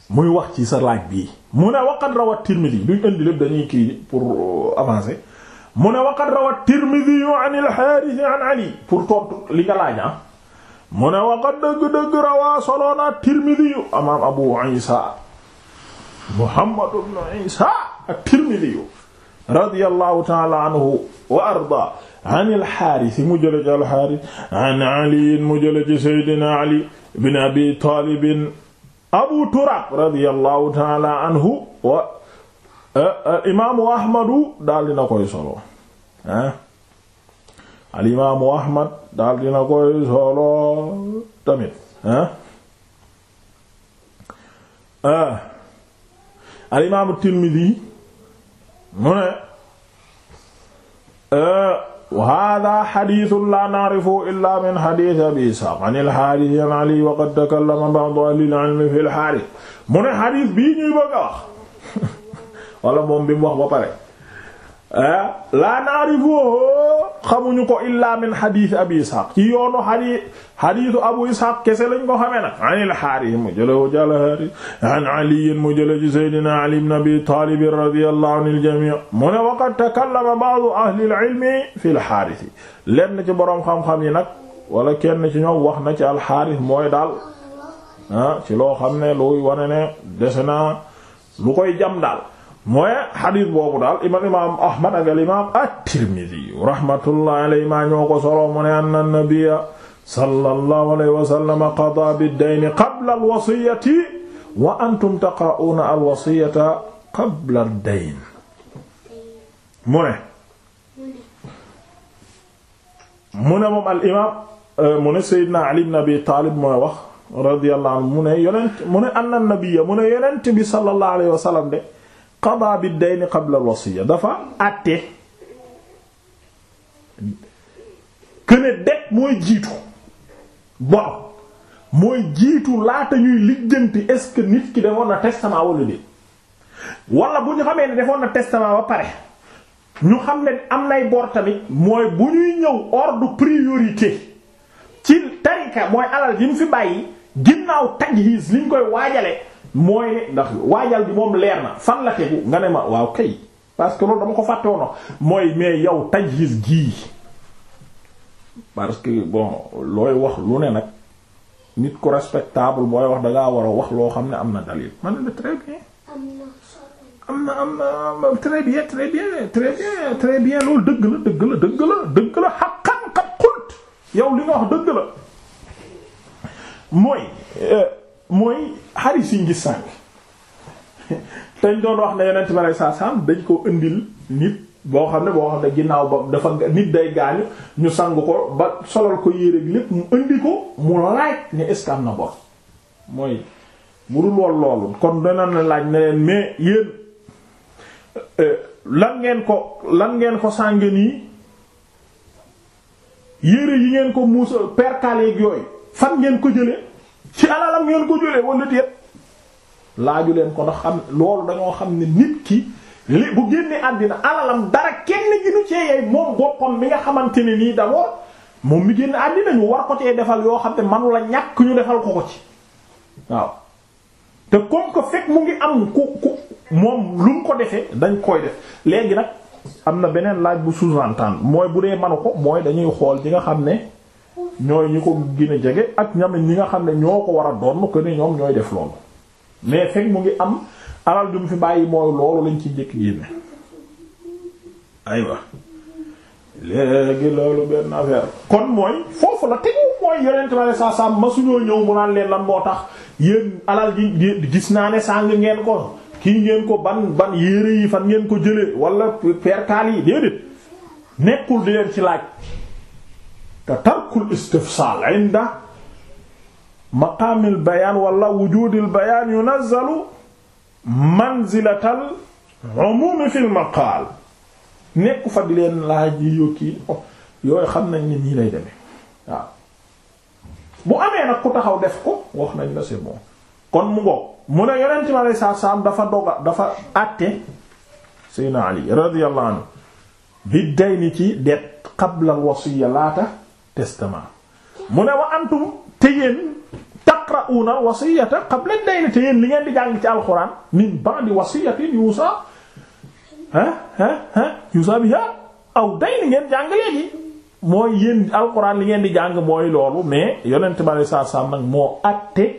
muy wax ci sa laaj bii mu ne waqad rawat tirmidi duñ indi lépp dañuy kii pour euh, avancer mu ne waqad rawat tirmidi an al xaaris an ali pour tontu li nga laaj ah. mu ne waqad dëgg-dëgg rawaa soloona tirmidiyu amaam abu isa muhammad ibn isa at-tirmidiyu radiyallahu ta'ala anhu wa arda an al-haaris mu jële ci al-haaris an ali mu jële ci sayyidina ali ibn abi talib abu turaab radiyallahu ta'ala anhu wa eh, eh, imaamu ahmadu daal dina koy solo ah al imaamu ahmad daal dina koy solo tamit ah al imaamu tirmidi mu ne ah, hada xadiisun la naarifu illa min xadiis abi isxaaq an alxaaris an ali wa qad takallama ba'du ahlil ilmi fi alxaaris mu ne xadiis bii ñuy bëgg a wax wala moom bi mu wax ba pare Eh? laa naarifuhu oh, xamuñu ko illa min xadiisi abi ishaq ci yoonu xadii xadiisu abu ishaq kese lañ ko xamee nag an ilxaaris mu jële jàl haari an aliyin mu jële ci saydina ali ibn abi taalib radiyallahu anil jamii mu ne waqad takallama ba'du ahli al-ilmi fi alxaaris yi lenn ci boroom xam-xam yi nag wala kenn ci wax na ci alxaaris mooy daal ah, ci loo xam ne luy wane ne dese na koy jam daal mooy xadis boobu daal imaam imaam ahmad ak al imaam at-Tirmidhi rahmatullahi alayhi maa ñoo ko solo mu ne anna nabiyya sallallahu alayhi wa sallam qadaa bid-dayni qabla al-wasiyyati wa antum taqra'uuna al-wasiyyata qabla ad-dayn mu ne mu ne moom al imaam mu ne Seydina Ali ibn Abi Taalib mooy wax radiyallahu anhu mu ne yonent mu ne anna nabiyya mu ne yonent bi sallallahu alayhi wa sallam de qadaa bi dayni qabla al wasiya dafa àtte këne det mooy jiitu bor mooy jiitu laata ñuy ligganti est-ce que ki defoon na testament wala déet wala bu ñu xamee ne defoon na testament ba pare ñu xam ne am nay bor tamit mooy bu ñuy ñëw ordre priorité ci tarika mooy alal yi mu fi bàyyi ginnaaw tajhiis liñ koy waajale mooy ne ndax waajal bi moom leer na fan la tegu nga ne ma waaw kay parce que loolu dama ko fàtte woon mooy mais yow tajhis gii parce que bon looy wax lu ne nag nit ko respectable booy wax dangaa war a wax loo xam ne am na dalil man ne bien am na am na très bien très bien très bien très bien loolu dëgg la dëgg la dëgg la dëgg la xaqan qad qult yow li nga wax dëgg la mooy euh, mooy xaris yi ngi te teñ doon wax ne yonent bi alei saa salaam dañ ko indil nit boo xam ne boo xam ne ginnaaw ba dafa nit day gaañu ñu sang ko ba solal ko yére gi lépp mu indi ko mu laaj ne est-ce am na bor mooy bu dul woon loolu kon dana na laaj ne leen mais yéen euh, lan ngeen ko lan ngeen ko sàng nii yére yi ngeen ko muusa perkaleeg yooyu fan ngeen ko jële ci alalam ngeen ko jëlee wala déet laaju leen ko ndax xam loolu dañoo xam ne nit ki li bu génnee àddina alalam dara kenn ginu cee yey moom boppam mi nga xamante ne nii d'abord moom mi génn àddina ñu war ko cee defal yoo xam ne manu la ñàkk ñu defal ko ko ci waaw te comme que fekk mu ngi am ku ku moom lu mu ko defee dañ koy def léegi nag am na beneen laaj bu sous-entendre mooy bu dee manu ko mooy dañuy xool ci nga xam ne. ñooy ñi ko gën a jege ak ñamit ñi nga xam ne ñoo ko war a doon ko ne ñoom ñooy def loolu mais fekk mu ngi am alal du mu fi bàyyi mooy loolu lañ ci njëkk génne aywa léegi loolu benn affaire kon mooy foofu la tegu mooy yonent ma ne saa saa masuñoo ñëw mu naan leen lan moo tax yéen alal gi gis naa ne sàng ngeen ko kii ngeen ko ban ban yére yi fan ngeen ko jëlee wala perkaal yi déedéet nekkul di leen ci laaj te tarkul istifsaal inda maqaamil bayaan wala yu bayaan yunazzalu manzilatal umumi fil maqaal nekku fa di leen laaj yi yokki yooyu xam nañ ne nii lay demee bu amee nag ku taxaw def ko wax nañ la c'est bon kon mu ngoog mu ne yonent ma lay saa saam dafa doga dafa àtte Seydina Ali radiyallahu anhu bi day ni ci det qabla wasiya laata testament mu ne wa antum te yéen taqra'una wasiyata qabla dayn te yéen li ngeen di jàng ci alxuraan min ba'di wasiyatin yuusa ah ah ah yuusa biha aw dayn ngeen jàng léegi mooy yéen alxuraan li ngeen di jàng mooy loolu mais yonent bale saa saa nag moo àtte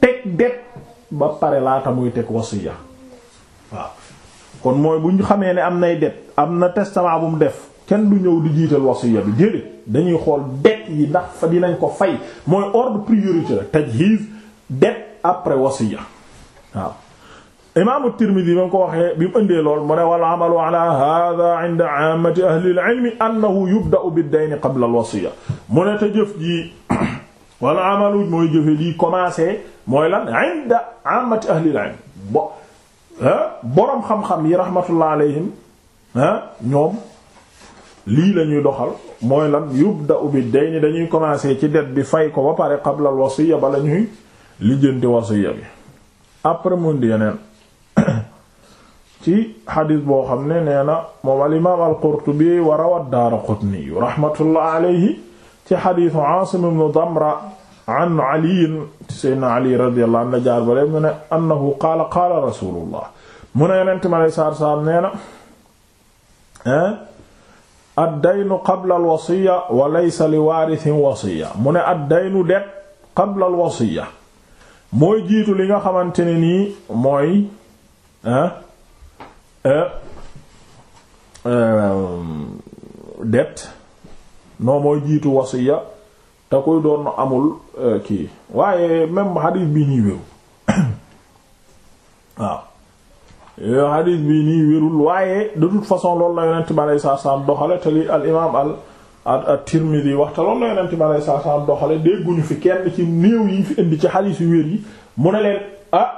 teg det ba pare laata muy teg wasiya waaw kon mooy bu ñu xamee ne am nay det am na testament bu mu def kenn du ñëw di jiital wasiya bi déedéet dañuy xool det yi ndax fa lañ ko fay mooy ordre priorité la tajhiz det après wasiya imaamu Tirmidi ba mu ko waxee bi mu ëndee lool mu ne wal amalu ala hada inda aamati ahli al-ilmi annahu yubda'u bid ahli al-ilm ah, boroom xam-xam yi rahmatullah alayhim ah, ñoom lii la ñuy doxal mooy lan yubda'u bi dayni dañuy commencer ci det bi fay ko ba pare qabla al ba bala ñuy lijjanti wasiya bi après mu indi yeneen ci xadis boo xam ne nee na moom al imaam al Qurtubi wa rawa ad-Daaraqutni rahmatullah alayhi ci xadisu Aasim ibn Damra an Ali sayyidina Ali radiyallahu anhu jaar bale mu ne annahu qaala qaala rasulullah ma lay saar saar nee na addaynu qabla alwasiya wa laysa li waarisin wasiya mu ne addaynu det qabla alwasiya mooy jiitu li nga xamante ne nii mooy euh, euh, det noo mooy jiitu wasiya te kuy doon amul euh, kii waaye même xadiis bi ñuy wéw waaw Euh, hadith bi nii wérul waaye de toute façon loolu la yonent bi alayhi salaam doxale te li al imaam al at-Tirmidhi waxta loolu la yonent bi alayhi salaam doxale dégguñu fi kenn ci néew yi ñu fi indi ci hadith yu wér yi mu ne leen ah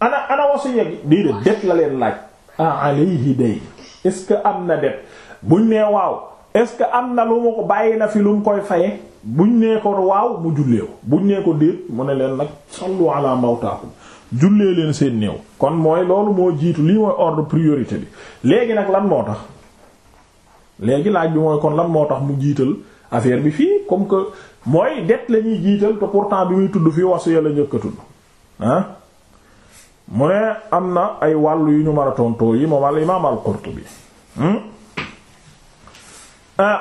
ana ana wasiya gi dii det la leen laaj ah alayhi day est am na det buñ nee waaw est-ce que am na lu ma bàyyi na fi lu mu koy faye buñ nee ko waaw mu julleew buñ nee ko déet mu ne leen nag sallu ala mawtaakum jullee leen seen néew kon mooy loolu moo jiitu lii mooy ordre priorité bi léegi nag lan moo tax léegi laaj bi mooy kon lan moo tax mu jiital affaire bi fii comme que mooy det lañuy ñuy jiital te pourtant bi muy tudd fii wasiya la njëkk a tudd ah mu ne am na ay wàll yu ñu mën a tontoo yi moom al imaam al Qurtubi bi hmm? ah.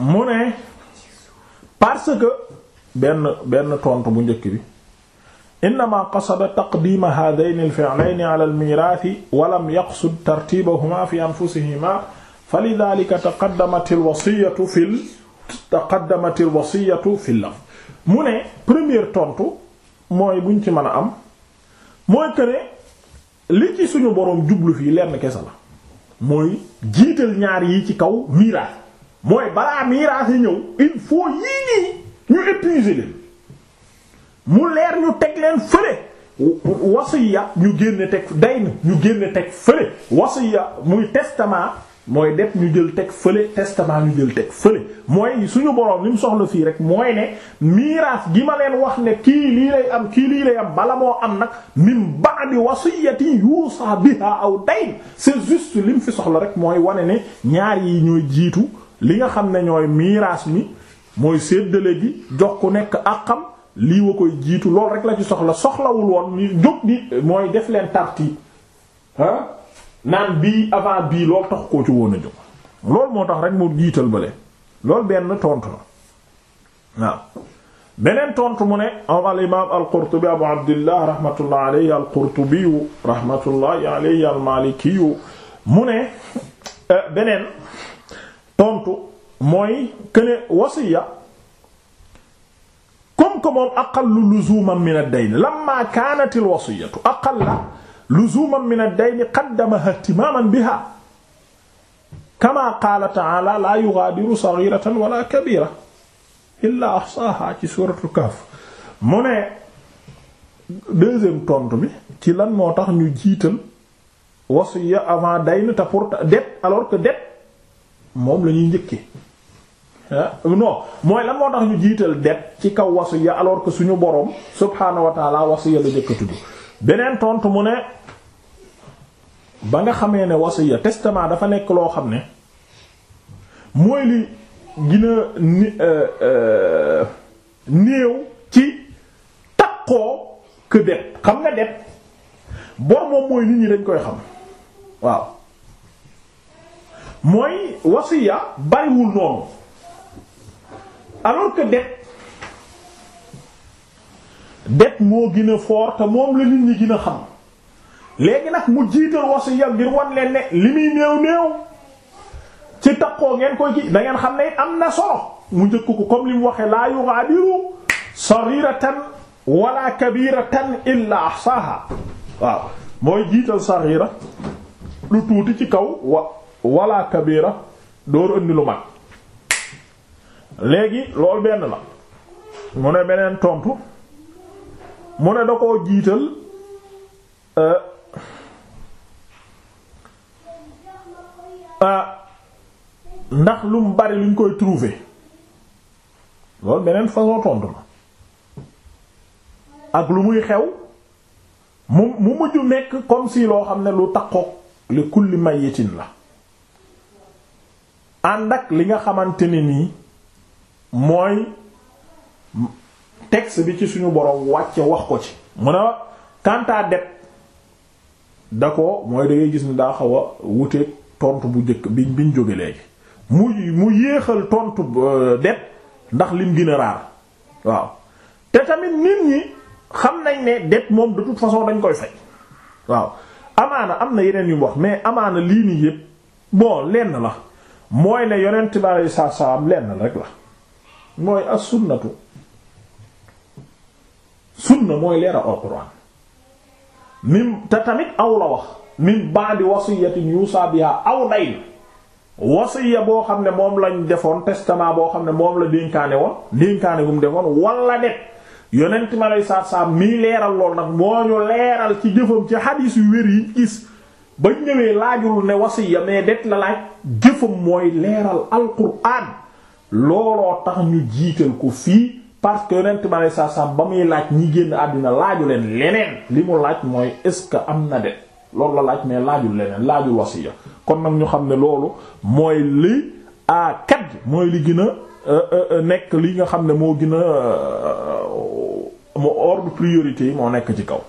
mu ne parce que benn benn tontu bu njëkk bi innama qasada taqdiima haadayni al-fi'layni ala al-miiraathi wa lam yaqsud tartiibahumaa fi anfusihimaa falidhaalika taqaddamati al-wasiyyatu fil mu ne première tontu mooy buñ ci mën a am mooy que li ci suñu boroom jublu fii lenn kese la mooy jiital ñaar yi ci kaw miiraas mooy balaa miiraas yi ñëw il yii nii ñu épuiser mu leer ñu teg leen fële wasiya ñu génne teg dayn ñu génne teg fële wasiya muy testament mooy def ñu jël teg fële testament ñu jël teg fële mooy suñu boroom li mu soxla fii rek mooy ne miraas gi ma leen wax ne kii lii lay am kii lii lay am bala moo am nag min ba'di wasiyati yuusa biha aw dayn c'est juste li mu fi soxla rek mooy wane ne ñaar yi ñooy jiitu li nga xam ne ñooy miraas mi mooy séddale gi jox ku nekk àqam lii wa koy jiitu loolu rek la ci soxla soxlawul woon ñu jóg di mooy def leen tarti ah naan bii avant bii loolu tax koo ci woon jóg loolu moo tax rek mu jiital bale loolu benn tontu la waaw beneen tontu mu ne am al imaam al qurtubi abu abdillah rahmatullah alayhi al qurtubi rahmatullahi alayhi al maliki mu ne eh, beneen tontu mooy këne wasiya comme que moom aqallu luzuman min ad-dayn lamma kaanat al-wasiyatu aqalla luzuman min ad-dayn qaddamaha ihtimaman biha kama qaala ta'ala la yughadiru saghiratan wala kabira illa ahsaha ci suratul kahf mu ne deuxième tontu bi ci lan moo tax ñu jiital wasiya avant dayn ta det alors que det moom la njëkkee Euh, non mooy lan moo tax ñu jiital det ci kaw wasiya alors que suñu boroom subhaanahu wa taala wasiya la jëkk a beneen tontu mu ne ba nga xamee ne wasiya testament dafa nekk loo xam ne mooy li gina ni euh, euh, néew ci takkoo que det xam nga det bor moom mooy nit ñi dañ koy xam waaw mooy wasiya bariwul noonu alors que det det moo gën a te moom la nit ñi gën xam léegi nag mu jiital wasiya ngir wan leen ne li muy néew néew ci takkoo ngeen koy ci da xam ne am na solo mu njëkk ko comme li mu waxee laa yughadiru saghiratan wala kabiratan illa ahsaha waaw mooy jiital saghira lu tuuti ci kaw wa wala kabira dooru lu mag léegi loolu benn la mu ne beneen tontu mu ne da koo jiital euh, euh, ndax lu mu bari luñ koy trouver loolu beneen façon tontu la ak lu muy xew mu mu mujj nekk comme si loo xam ne lu takkook li kulli mayitin la ànd ak li nga xamante ne nii mooy texte bi ci suñu borom wàcce wax ko ci mu ne kantaa det da ko mooy da gis ni daa xaw a tontu bu jëkk bi biñ jóge léegi mu mu yéexal tontu euh, det ndax lim gën a raar waaw te tamit nit ñi xam nañ ne det moom de toute façon dañ koy fay waaw amaana am na yeneen yu wax mais amaana lii nii yépp bon lenn la mooy ne yonent bi sallallahu alayhi wasallam lenn rek la mooy as sunnatu sunna mooy leeral alquran min te tamit aw la wax min ba'di wasiyatin yuusa biha aw dayn wasiya boo xam ne moom lañu defoon testament boo xam ne moom la dénkaane woon dénkaane bu mu defoon wala det yonent ma lay saat saam mii leeral lool nag moo ñu leeral ci jëfam ci xadiis yu wér yi gis ba ñëwee laajul ne wasiya mais det la laaj jëfam mooy leeral alquran looloo tax ñu jiital ko fii parce que yonent bi alei satu ba muy laaj ñi génn àdduna laaju leen leneen li mu laaj mooy est-ce que am na de loolu la laaj mais laajul leneen laajul wasiya kon nag ñu xam ne loolu mooy li a kat mooy li gën a euh, euh, euh, nekk li nga xam ne moo gën a mu ordre priorité yi moo nekk ci kaw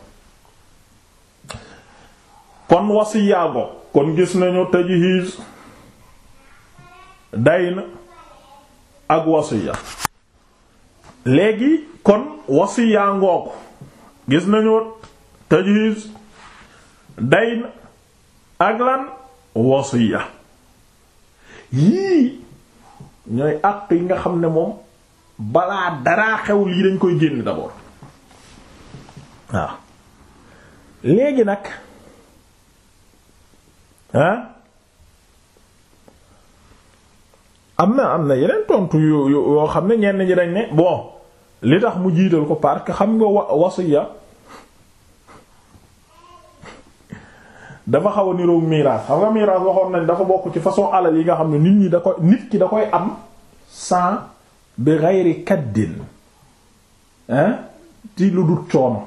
kon wasiya go kon gis nañu day na ak wasiya léegi kon wasiya ngooku gis nañu tajhiz day ak lan wasiya yii ñooy àq yi nga xam ne moom balaa daraa xew lii dañ koy génn d'abord waaw léegi nag ah am na am na yeneen tontu yu yoo xam ne ñenn ñi dañ ne bon li tax mu jiital ko parce que xam nga wa wasiya dafa xaw a niroog miraas xam nga miraas waxoon nañ dafa bokk ci façon alal yi nga xam ne nit ñi da koy nit ki da koy am san bi ghayri kaddin hein ci lu dul coono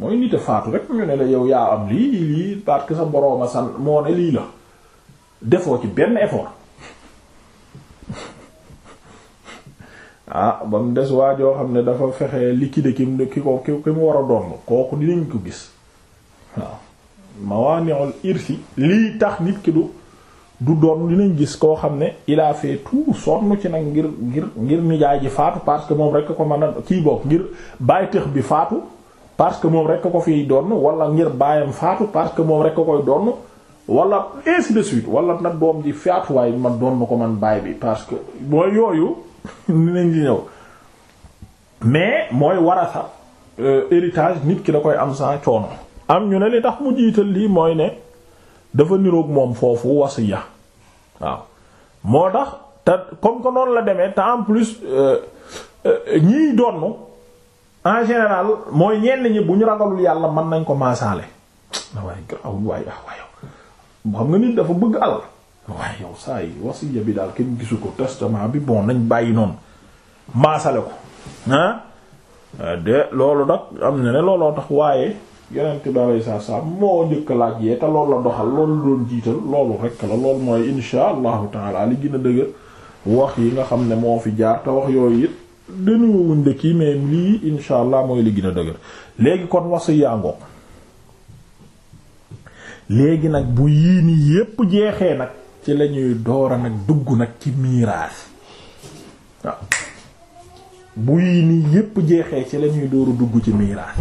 mooy nit a faatu rek ñu ne la yow yaa am lii lii parce que sa borooma san moo ne lii la defoo ci benn effort ah ba mu des waa joo xam ne dafa fexe liquide ki mu ki ko ki mu war a doom kooku dinañ ko gis waaw mawani'ul irsi lii tax nit ki du du doon dinañ gis koo xam ne ilaa a fait tout sonn ci nag ngir ngir ngir nijaay ji faatu parce que moom rekk ko mën a kii bokk ngir bàyyi tëx bi faatu parce que moom rekk ko fiy doon wala ngir baayam faatu parce que moom rekk a koy doon wala ainsi de suite wala nag doom ji faatuwaay man doon na ko man baay bi parce que mooy yooyu. dinañ ci ñëw mais mooy warasa euh, héritage nit ki da koy am sans coono am ñu ne li tax mu jiital lii mooy ne dafa niroog moom foofu wasiya waaw moo tax te comme que noonu la demee te en plus euh, euh, ñiy donn en général mooy ñenn ñi bu ñu ragalul yàlla mën nañ ko maasaale waaye graw waaye waaye xam nga nit dafa bëgg alal waaye yow saa yi wasiya bi daal kenn gisu ko testament bi bon nañ bàyyi noonu maasale ko ah de loolu nag am na ne looloo tax waaye yeneen tubaab saa saa moo njëkk laaj yee te loolu la doxal loolu doon jiital loolu rekk la loolu mooy insha allahu taala li gën a dëgg wax yi nga xam ne moo fi jaar te wax yooyu it dañuwuñ de kii mais lii insha allah mooy li gën a dëgg léegi kon wasiya ngoog léegi nag bu yii nii yépp jeexee nag. ci lañuy doora nag dugg nag ci miraas waaw bu yi nii yépp jeexee ci lañuy dooru dugg ci miraas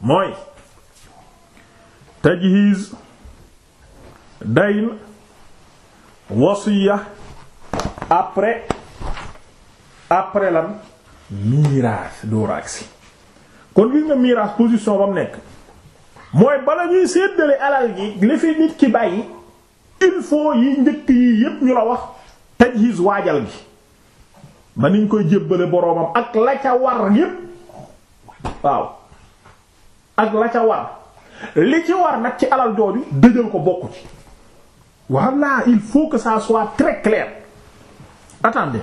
mooy tajhiz dayn wasiya après après lan miraas dooru agsi kon gis nga miraas position bam nekk mooy bala ñuy séddale alal gi li fi nit ki bàyyi il faut yi njëkk yi yépp ñu la wax tajhiz waajal gi ma niñ koy jébbale boroomam ak la ca war yépp waaw ak la ca war li ci war nag ci alal jooju dëjal ko bokk ci voilà il faut que ça soit très clair attendez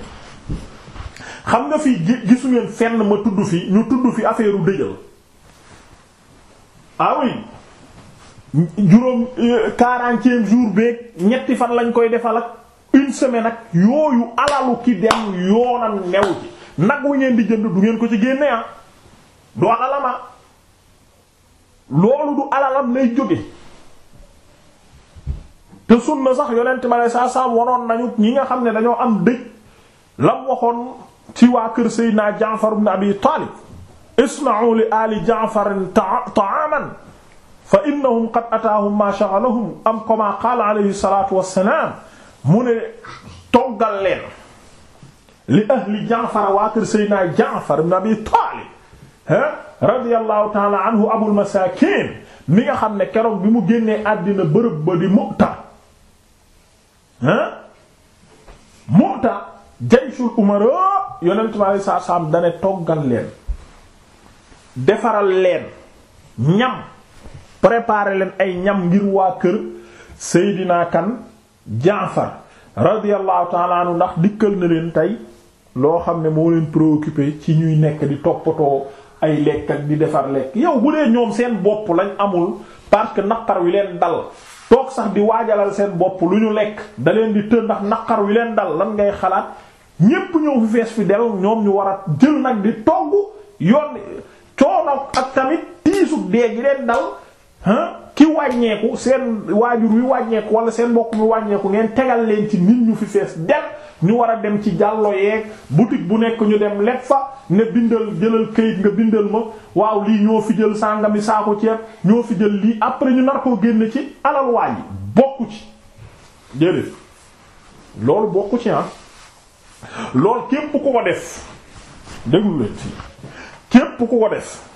xam nga fii gisu ngeen fenn ma tudd fi ñu tudd fi affaire u dëjal ah juróom euh, quarantième jour beeg ñetti fan lañ koy defal ak une semaine ak yooyu alalu ki dem yoonam new ci nag wu ngeen di jënd du ngeen ko ci génne ah du alalama ah. loolu du alalam lay jóge te sunna sax yonent ma lay saa waroon nañu ñi nga xam ne dañoo am dëj lam waxoon ci waa kër Seydina Jaafar ibn Abi Taalib isma'u li ali Jaafarin ta'aman fa innahum qad ataahum maa shaghalahum am kama qaala alayhi salaatu mu ne toggal leen li ahli Jaafar waa kër Seydina Jaafar ibn Taalib radiyallahu taala anhu abul mi nga xam ne keroog bi mu génnee àddina bërëb ba di Mu'ta Mu'ta jayshul umara yonent bi alayhi salaatu dane toggal leen defaral leen ñam préparer leen ay ñam ngir waa kër Seydina kan Jaafar radiyallahu taala anhu ndax dikkal na leen tey loo xam ne moo leen préoccupé ci ñuy nekk di toppatoo ay lekk ak di defar lekk yow bu dee ñoom seen bopp lañ amul parce que naqar wi leen dal toog sax di waajalal seen bopp lu ñu lekk da leen di të ndax naqar wi leen dal lan ngay xalaat ñépp ñëw fi fees fi del ñoom ñu war a jël nag di togg yoon coono ak tamit tiisu dee gi leen dal ki wàññeeku seen waajur wi wàññeeku wala seen mbokk mi wàññeeku ngeen tegal leen ci nit ñu fi fees dem ñu war a dem ci jàlloo yeeg boutique bu nekk ñu dem lekk fa ne bindal jëlal këyit nga bindal ma waaw lii ñoo fi jël sàngami saako ceeb ñoo fi jël lii après ñu nar koo génne ci alal waa ji bokku ci déedéet loolu bokku ci ah loolu képp ku ko def déglu leen képp ku ko def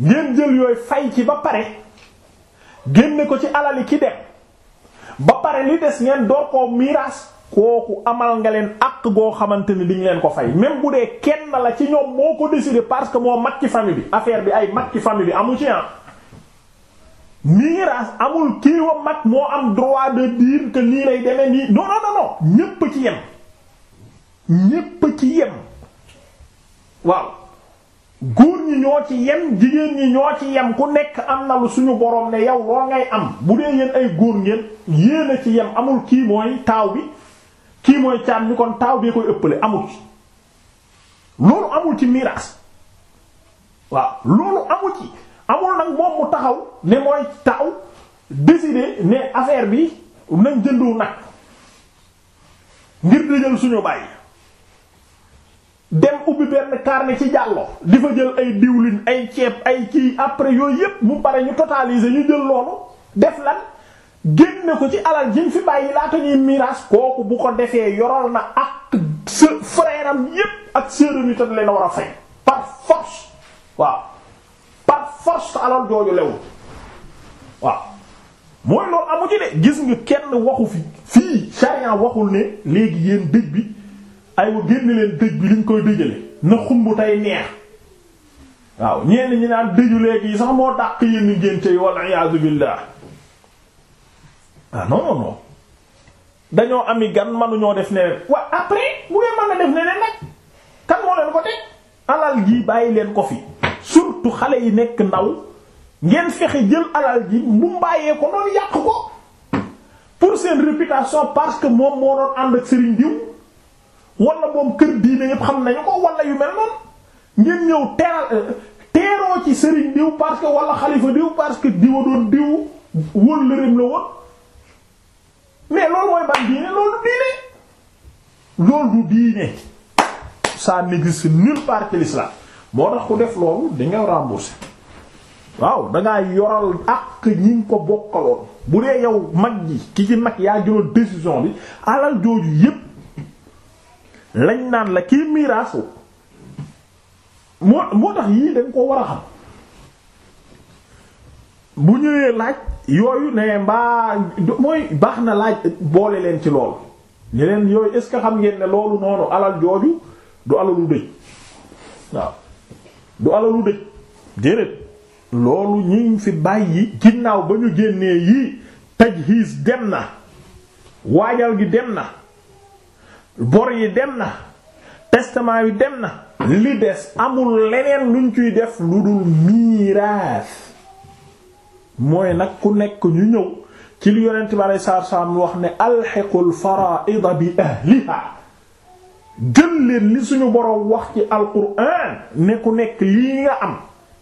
ngeen jël yooyu fay ci ba pare génne ko ci alali ki dem ba pare li des ngeen door koo miraas kooku amal nga leen àq goo xamante ni diñ leen ko fay même bu dee kenn la ci ñoom moo ko décidé parce que moo mat ci famille bi affaire bi ay mat ci famille bi amu ci ah miraas amul kii mat moo am droit de dire que nii lay demee nii non non non non ñépp ci yem ñépp ci yem waaw góor ñi ñoo ci yem jigéen ñi ñoo ci yem ku nekk am na lu suñu borom ne yow loo ngay am bu dee yéen ay góor ngeen yéen a ci yem amul kii mooy taaw bi kii mooy caam ñi kon taaw bee koy ëpple amul ci loolu amul ci miraas waaw loolu amul ci amul nag moom mu taxaw ne mooy taaw décider ne affaire bi nañ jëndoo nag ngir dëjal suñu bàyyi dem ubbi benn carnet ci jàllo di fa jël ay diwlin ay ceeb ay kii après yooyu yépp mu pare ñu totaliser ñu jël loolu def lan génne ko ci alal jiñ fi bàyyi laata ñuy miraas kooku bu ko defee yoral na ak sa yépp ak sœuram yi tam leen war a fay par force waaw par force alal jooju lewul waaw mooy loolu amu ci de gis nga kenn waxu fi fii sharia waxul ne léegi yéen dëj bi aywa génn leen dëj bi luñ koy dëjale na xumb tey neex waaw ñenn ñi naan dëju léegi yi sax moo dàq yenn ngénte yi walla iyaazu billaah ah non non non dañoo ami gan manuñoo def neneen waa après bu dee mën na def neneen nag kan moo leen ko teg alal ji bàyyi leen ko fi surtout xale yi nekk ndaw ngeen fexe jël alal ji bu mbàyyee ko noonu yàq ko pour seen réputation parce que moom moo doon ànd ak sëriñ diw wala moom kër diine yëpp xam nañu ko wala yu mel noonu ngeen ñëw teeral euh, teeroo ci sëriñ diw parce que wala xalifa diw parce que diwa doon diw wóol lërëm la woon mais loolu mooy ban diine loolu diine loolu diine ça n'existe nulle part que l'islam moo tax ku def loolu di nga rembourser waaw dangaa yoral ak ñi nga ko bokkaloon bu dee yow mag ji ki ci mag yaa jëloon décision bi alal jooju yépp lañ naan la kii miraasu moo moo tax yii dañ ko war a xam bu ñëwee laaj yooyu ne mbaa mooy baax na laaj boole leen ci loolu ne leen yooyu est-ce xam ngeen ne loolu noonu alal jooju du alalu dëj waaw du alalu dëj déedéet loolu ñu fi bàyyi ginnaaw ba ñu génnee yii tajhiis dem na waajal gi dem na bor yi dem na testament yi dem na li des amul leneen luñ ciy def lu dul miiraas mooy nag ku nekk ñu ñëw ci li yonent bi alei salatu salaam wax ne alxiqul faraida bi ahliha jël leen li suñu boroom wax ci alquran ne ku nekk lii nga am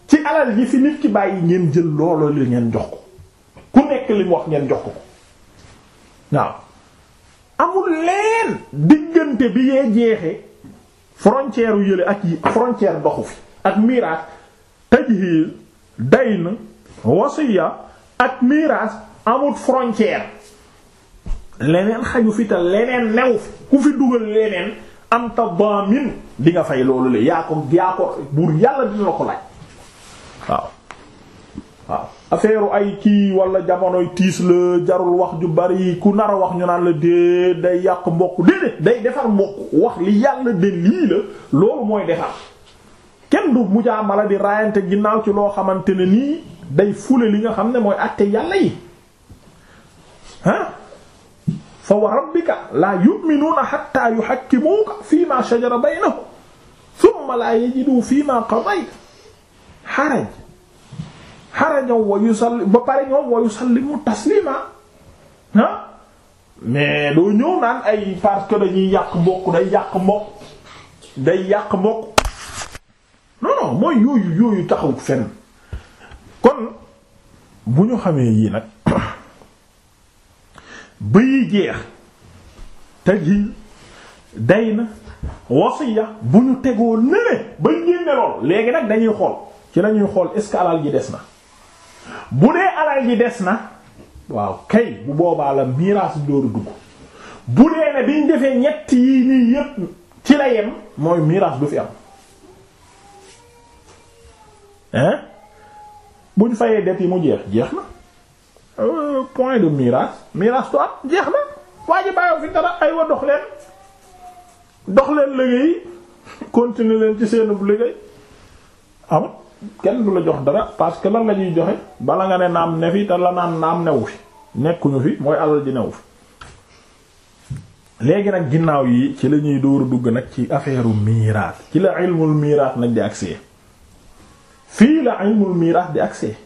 ci alal yi fi nit ki bàyyi ngeen jël loolu li ngeen jox ko ku nekk li mu wax ngeen jox ko waaw amul leen diggante bi yee jeexe frontière yële ak yi frontière doxu fi ak miraas tajhiil dayn wasiya ak miraas amut frontière leneen xaju fi te leneen new fi ku fi dugal leneen am tadaamin di nga fay loolu la yaa ko yaa ko buur yàlla dina ko laaj waaw waaw affaire ay kii walla jamonoy tiis la jarul wax ju bari ku nar a wax ñu naan dee day yàq mbokk déedéet day defar mbokk wax li yàlla de lii la loolu mooy defar kenn du mujaamala di raayante ginnaaw ci loo xamante ne nii day fule li nga xam ne mooy àtte yàlla yi ah fa wa rabbika laa yu'minuuna hatta yuhakkimuuka fii ma shajara baynahum thumma laa yajidu fii ma qadayta haraj xarajaw wa yusalli ba pare ñoom wa yusallimu taslima ah mais doo ñëw naan ay parce que dañuy yàq mbokk day yàq mbokk day yàq mbokk non non mooy yooyu yooyu taxaw fenn kon bu ñu xamee yii nag ba yi jeex tajil day na wasiya bu ñu tegoo nene ba génne lool léegi nag dañuy xool ci lañuy xool est-ce que alal ji des na bu dee alal yi des na waaw kay bu boobaa la miraas bi dooru dugg bu dee ne biñ defee ñett yi nii yépp ci la yem mooy miraas du fi am hein buñ fayee det yi mu jeex jeex na euh, point de miraas miraas to am jeex na waa ji bàyyiwu fi dara ay wa dox leen dox leen liggéey continuer leen ci seen bu liggéey kenn du la jox dara parce que lan la ñuy joxe bala nga ne naam ne te la naan naam newu fi nekkuñu fi mooy alal di newu fi léegi nag ginnaaw yi ci lañuy ñuy dóoru dugg nag ci affaire miraas ci la ilmul miraas nag di accès fii la ilmul miraas di accès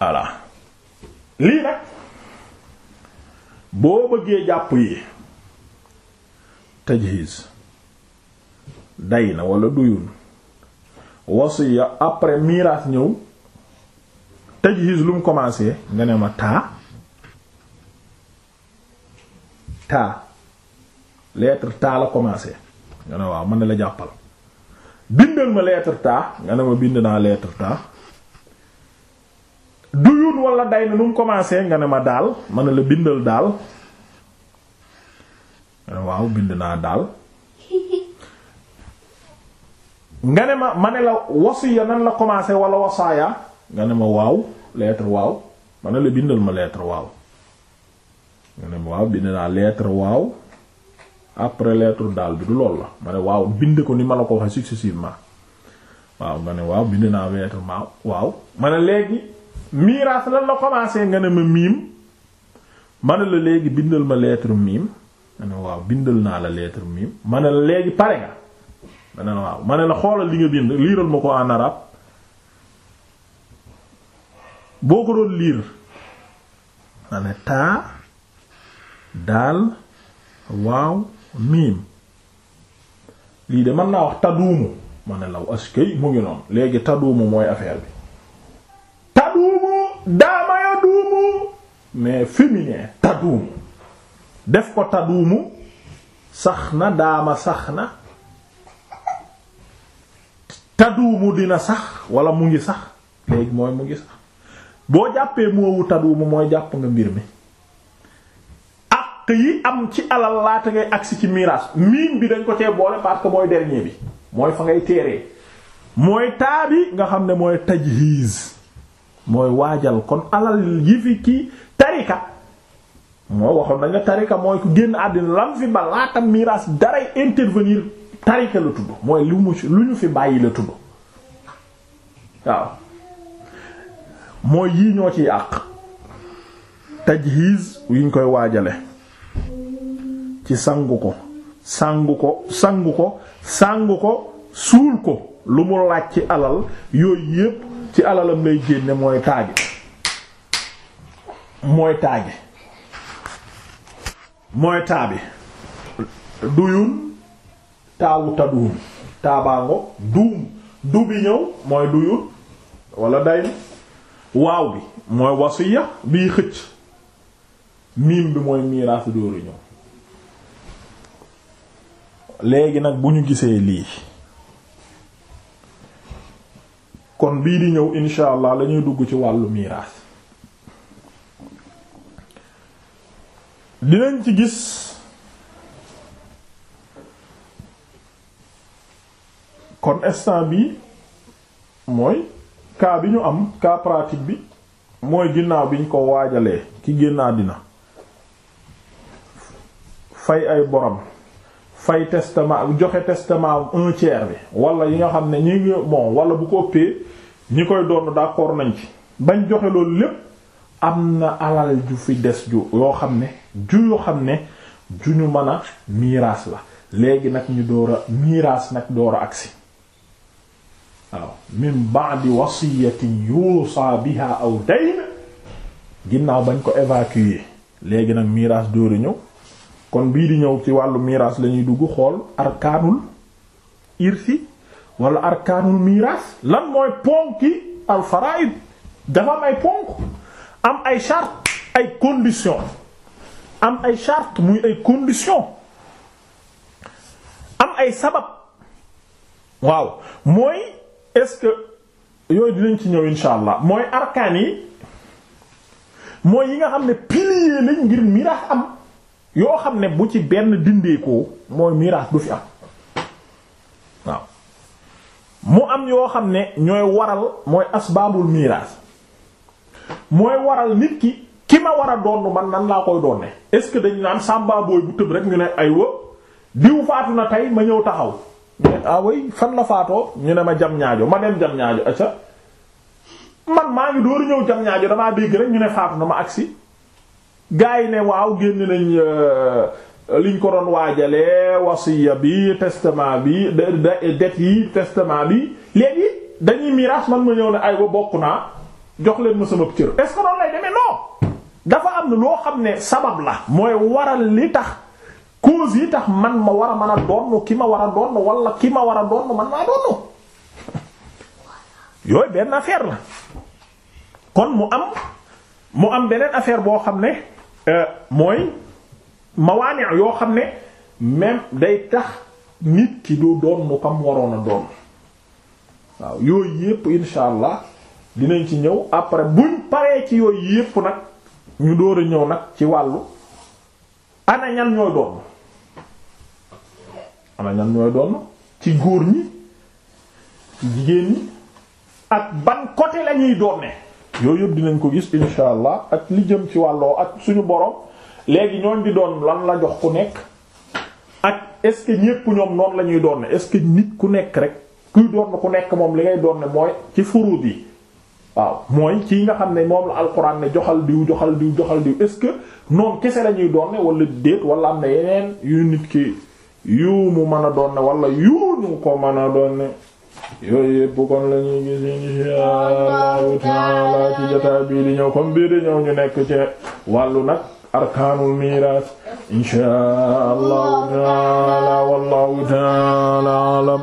voilà lii nag boo bëggee jàpp yi tajhiz day na wala duyul wasiya après miraas ñëw tajhiz lu lum commencé nga ne ma taa taa lettre taa la commencé nga ne waaw mën na la jàppal bindal ma lettre taa nga ne ma bind naa lettre taa duyun wala day na nu mu commencé nga ne ma daal mën na la bindal daal nga ne waaw bind naa daal nga ne ma ma ne la wasiya nan la commencé wala wasaaya nga ne ma waaw lettre waaw ma ne la bindal ma lettre waaw nga ne ma waaw bind naa lettre waaw après lettre daal bi du loolu la ma ne waaw bind ko ni ma la ko waxee successivement waaw nga ne waaw bind naa lettre ma waaw ma ne léegi miraas lan la commencé nga ne ma miim ma ne la léegi bindal ma lettre miim nga ne waaw bindal naa la lettre miim ma ne la léegi pare nga ma ne la ma la xoolal li nga bind liiral ma ko en arabe boo ko doon liir ma ne taa daal waaw miim lii de mën naa wax taduumu ma ne law askay mu ngi noonu léegi taduumu mooy affaire bi taduumu daama ya mais féminin taduumu def ko taduumu sax na daama sax na taduumu dina sax wala mu ngi sax léegi mooy mu ngi sax boo jàppee moowu taduumu mooy jàpp nga mbir mi àq yi am ci alal laata ngay agsi ci miraas miin bi dañ ko cee boole parce mooy dernier bi mooy fa ngay teeree mooy taa bi nga xam ne mooy tajhiz mooy waajal kon alal yi fi kii tarika moo waxoon dañ nga tarika mooy ku génn àddina lam fi ba miraas daray intervenir tarika la tudd mooy lu mu lu ñu fi bàyyi la tudd waaw mooy yii ñoo ci yàq tajhiz yiñ koy waajale ci sangu ko sangu ko sangu ko sangu ko suul ko lu mu laaj ci alal yooyu yépp ci alalam lay génne mooy taage mooy taage mooy taabi duyun taawu taduum taabaango duum du bi ñëw mooy duyur wala day waaw bi mooy wasiya biy xëcc miim bi mooy miiraas dóoru ñëw léegi nag bu ñu gisee lii kon bii di ñëw insha allah lañuy dugg ci wàllu miiraas dinañ ci gis kon bi mooy cas bi ñu am cas pratique bi mooy ginnaaw bi ñu ko waajalee ki génn dina fay ay boroom fay testament joxe testament un tiers bi wala yi nga xam ne ñi ngi bon wala bu ko ëppee ñi koy doon d'accord nañ ci bañ joxe loolu lépp am na alal ju fi des ju yoo xam ne ju yoo xam ne ñu mën a miiraas la léegi nag ñu door a nag door a agsi waaw min ba'di wasiyatin yuusa biha aw dayn ginnaaw bañ ko évacuer léegi nag miraas dóori ñëw kon bii di ñëw ci wàllu miraas lañuy dugg xool arkaanul irsi wala arkaanul miraas lan mooy ponki al faraid dafa am ay ponk am ay charte ay condition am ay charte muy ay condition am ay sabab waaw mooy est-ce que yooyu dinañ ci ñëw insha allah mooy arkaan yi mooy yi nga xam ne pilier lañ ngir miraas am yoo xam ne bu ci benn dindeekoo mooy miraas du fi am mu am yoo xam ne ñooy waral mooy asbaabul miraas mooy waral nit ki ki ma war a doon man nan laa koy doon ne est-ce que dañ naan sàmba booy bu tëb rek ñu ne ay wa diw na tey ma ñëw taxaw away ah fan la faatoo ñu ne ma jam ñaajo ma dem jam ñaajo acca man maa ngi dooru ñëw jam ñaajo damaa dégg rek ñu ne faatu na ma agsi gaa yi ne waaw génn nañ euh, liñ ko doon waajalee wasiya bi testament bi det yi testament bi léegi dañuy miraas man ma ñëw ne ay wa bokk naa jox leen ma sama cër est lay demee non dafa am na loo xam ne sabab la mooy waral li tax cause yi tax man ma war a mën a donn ki ma war a donn wala ki ma war a donn man maa donn yooyu benn affaire la kon mu am mu am beneen affaire boo xam ne euh, mooy mawaani yoo xam ne même day tax nit ki du donn kam waroon a donn waaw yooyu yépp insha allah dinañ ci ñëw après buñ paree ci yooyu yépp nag ñu dóor a ñëw nag ci wàllu ana ñan ñooy doon ana ñan ñooy doon ci góor ñi ci jigéen ñi ak ban côté la ñuy doonee yooyu yëpp dinañ ko gis insha allah ak li jëm ci wàlloo ak suñu boroom léegi ñooñ di doon lan la jox ku nekk ak est-ce que ñoom noonu la ñuy doon ne est nit ku nekk rek kuy doon ku nekk moom li ngay doon ne mooy ci furuut yi waaw mooy kii nga xam ne moom la alxuraan ne joxal diw joxal diw joxal diw est-ce que noonu kese la ñuy doon ne wala déet wala am na yeneen yu nit ki yu mu mën a doon ne wala yu ko mën a doon ne yooyu yëpp kon la ñuy gis insha Allahu taala ci jotaay bii ñëw comme bii ñëw ñu nekk ci wàllu nag arkaanul miiraas insha Allahu taala wallahu taala alam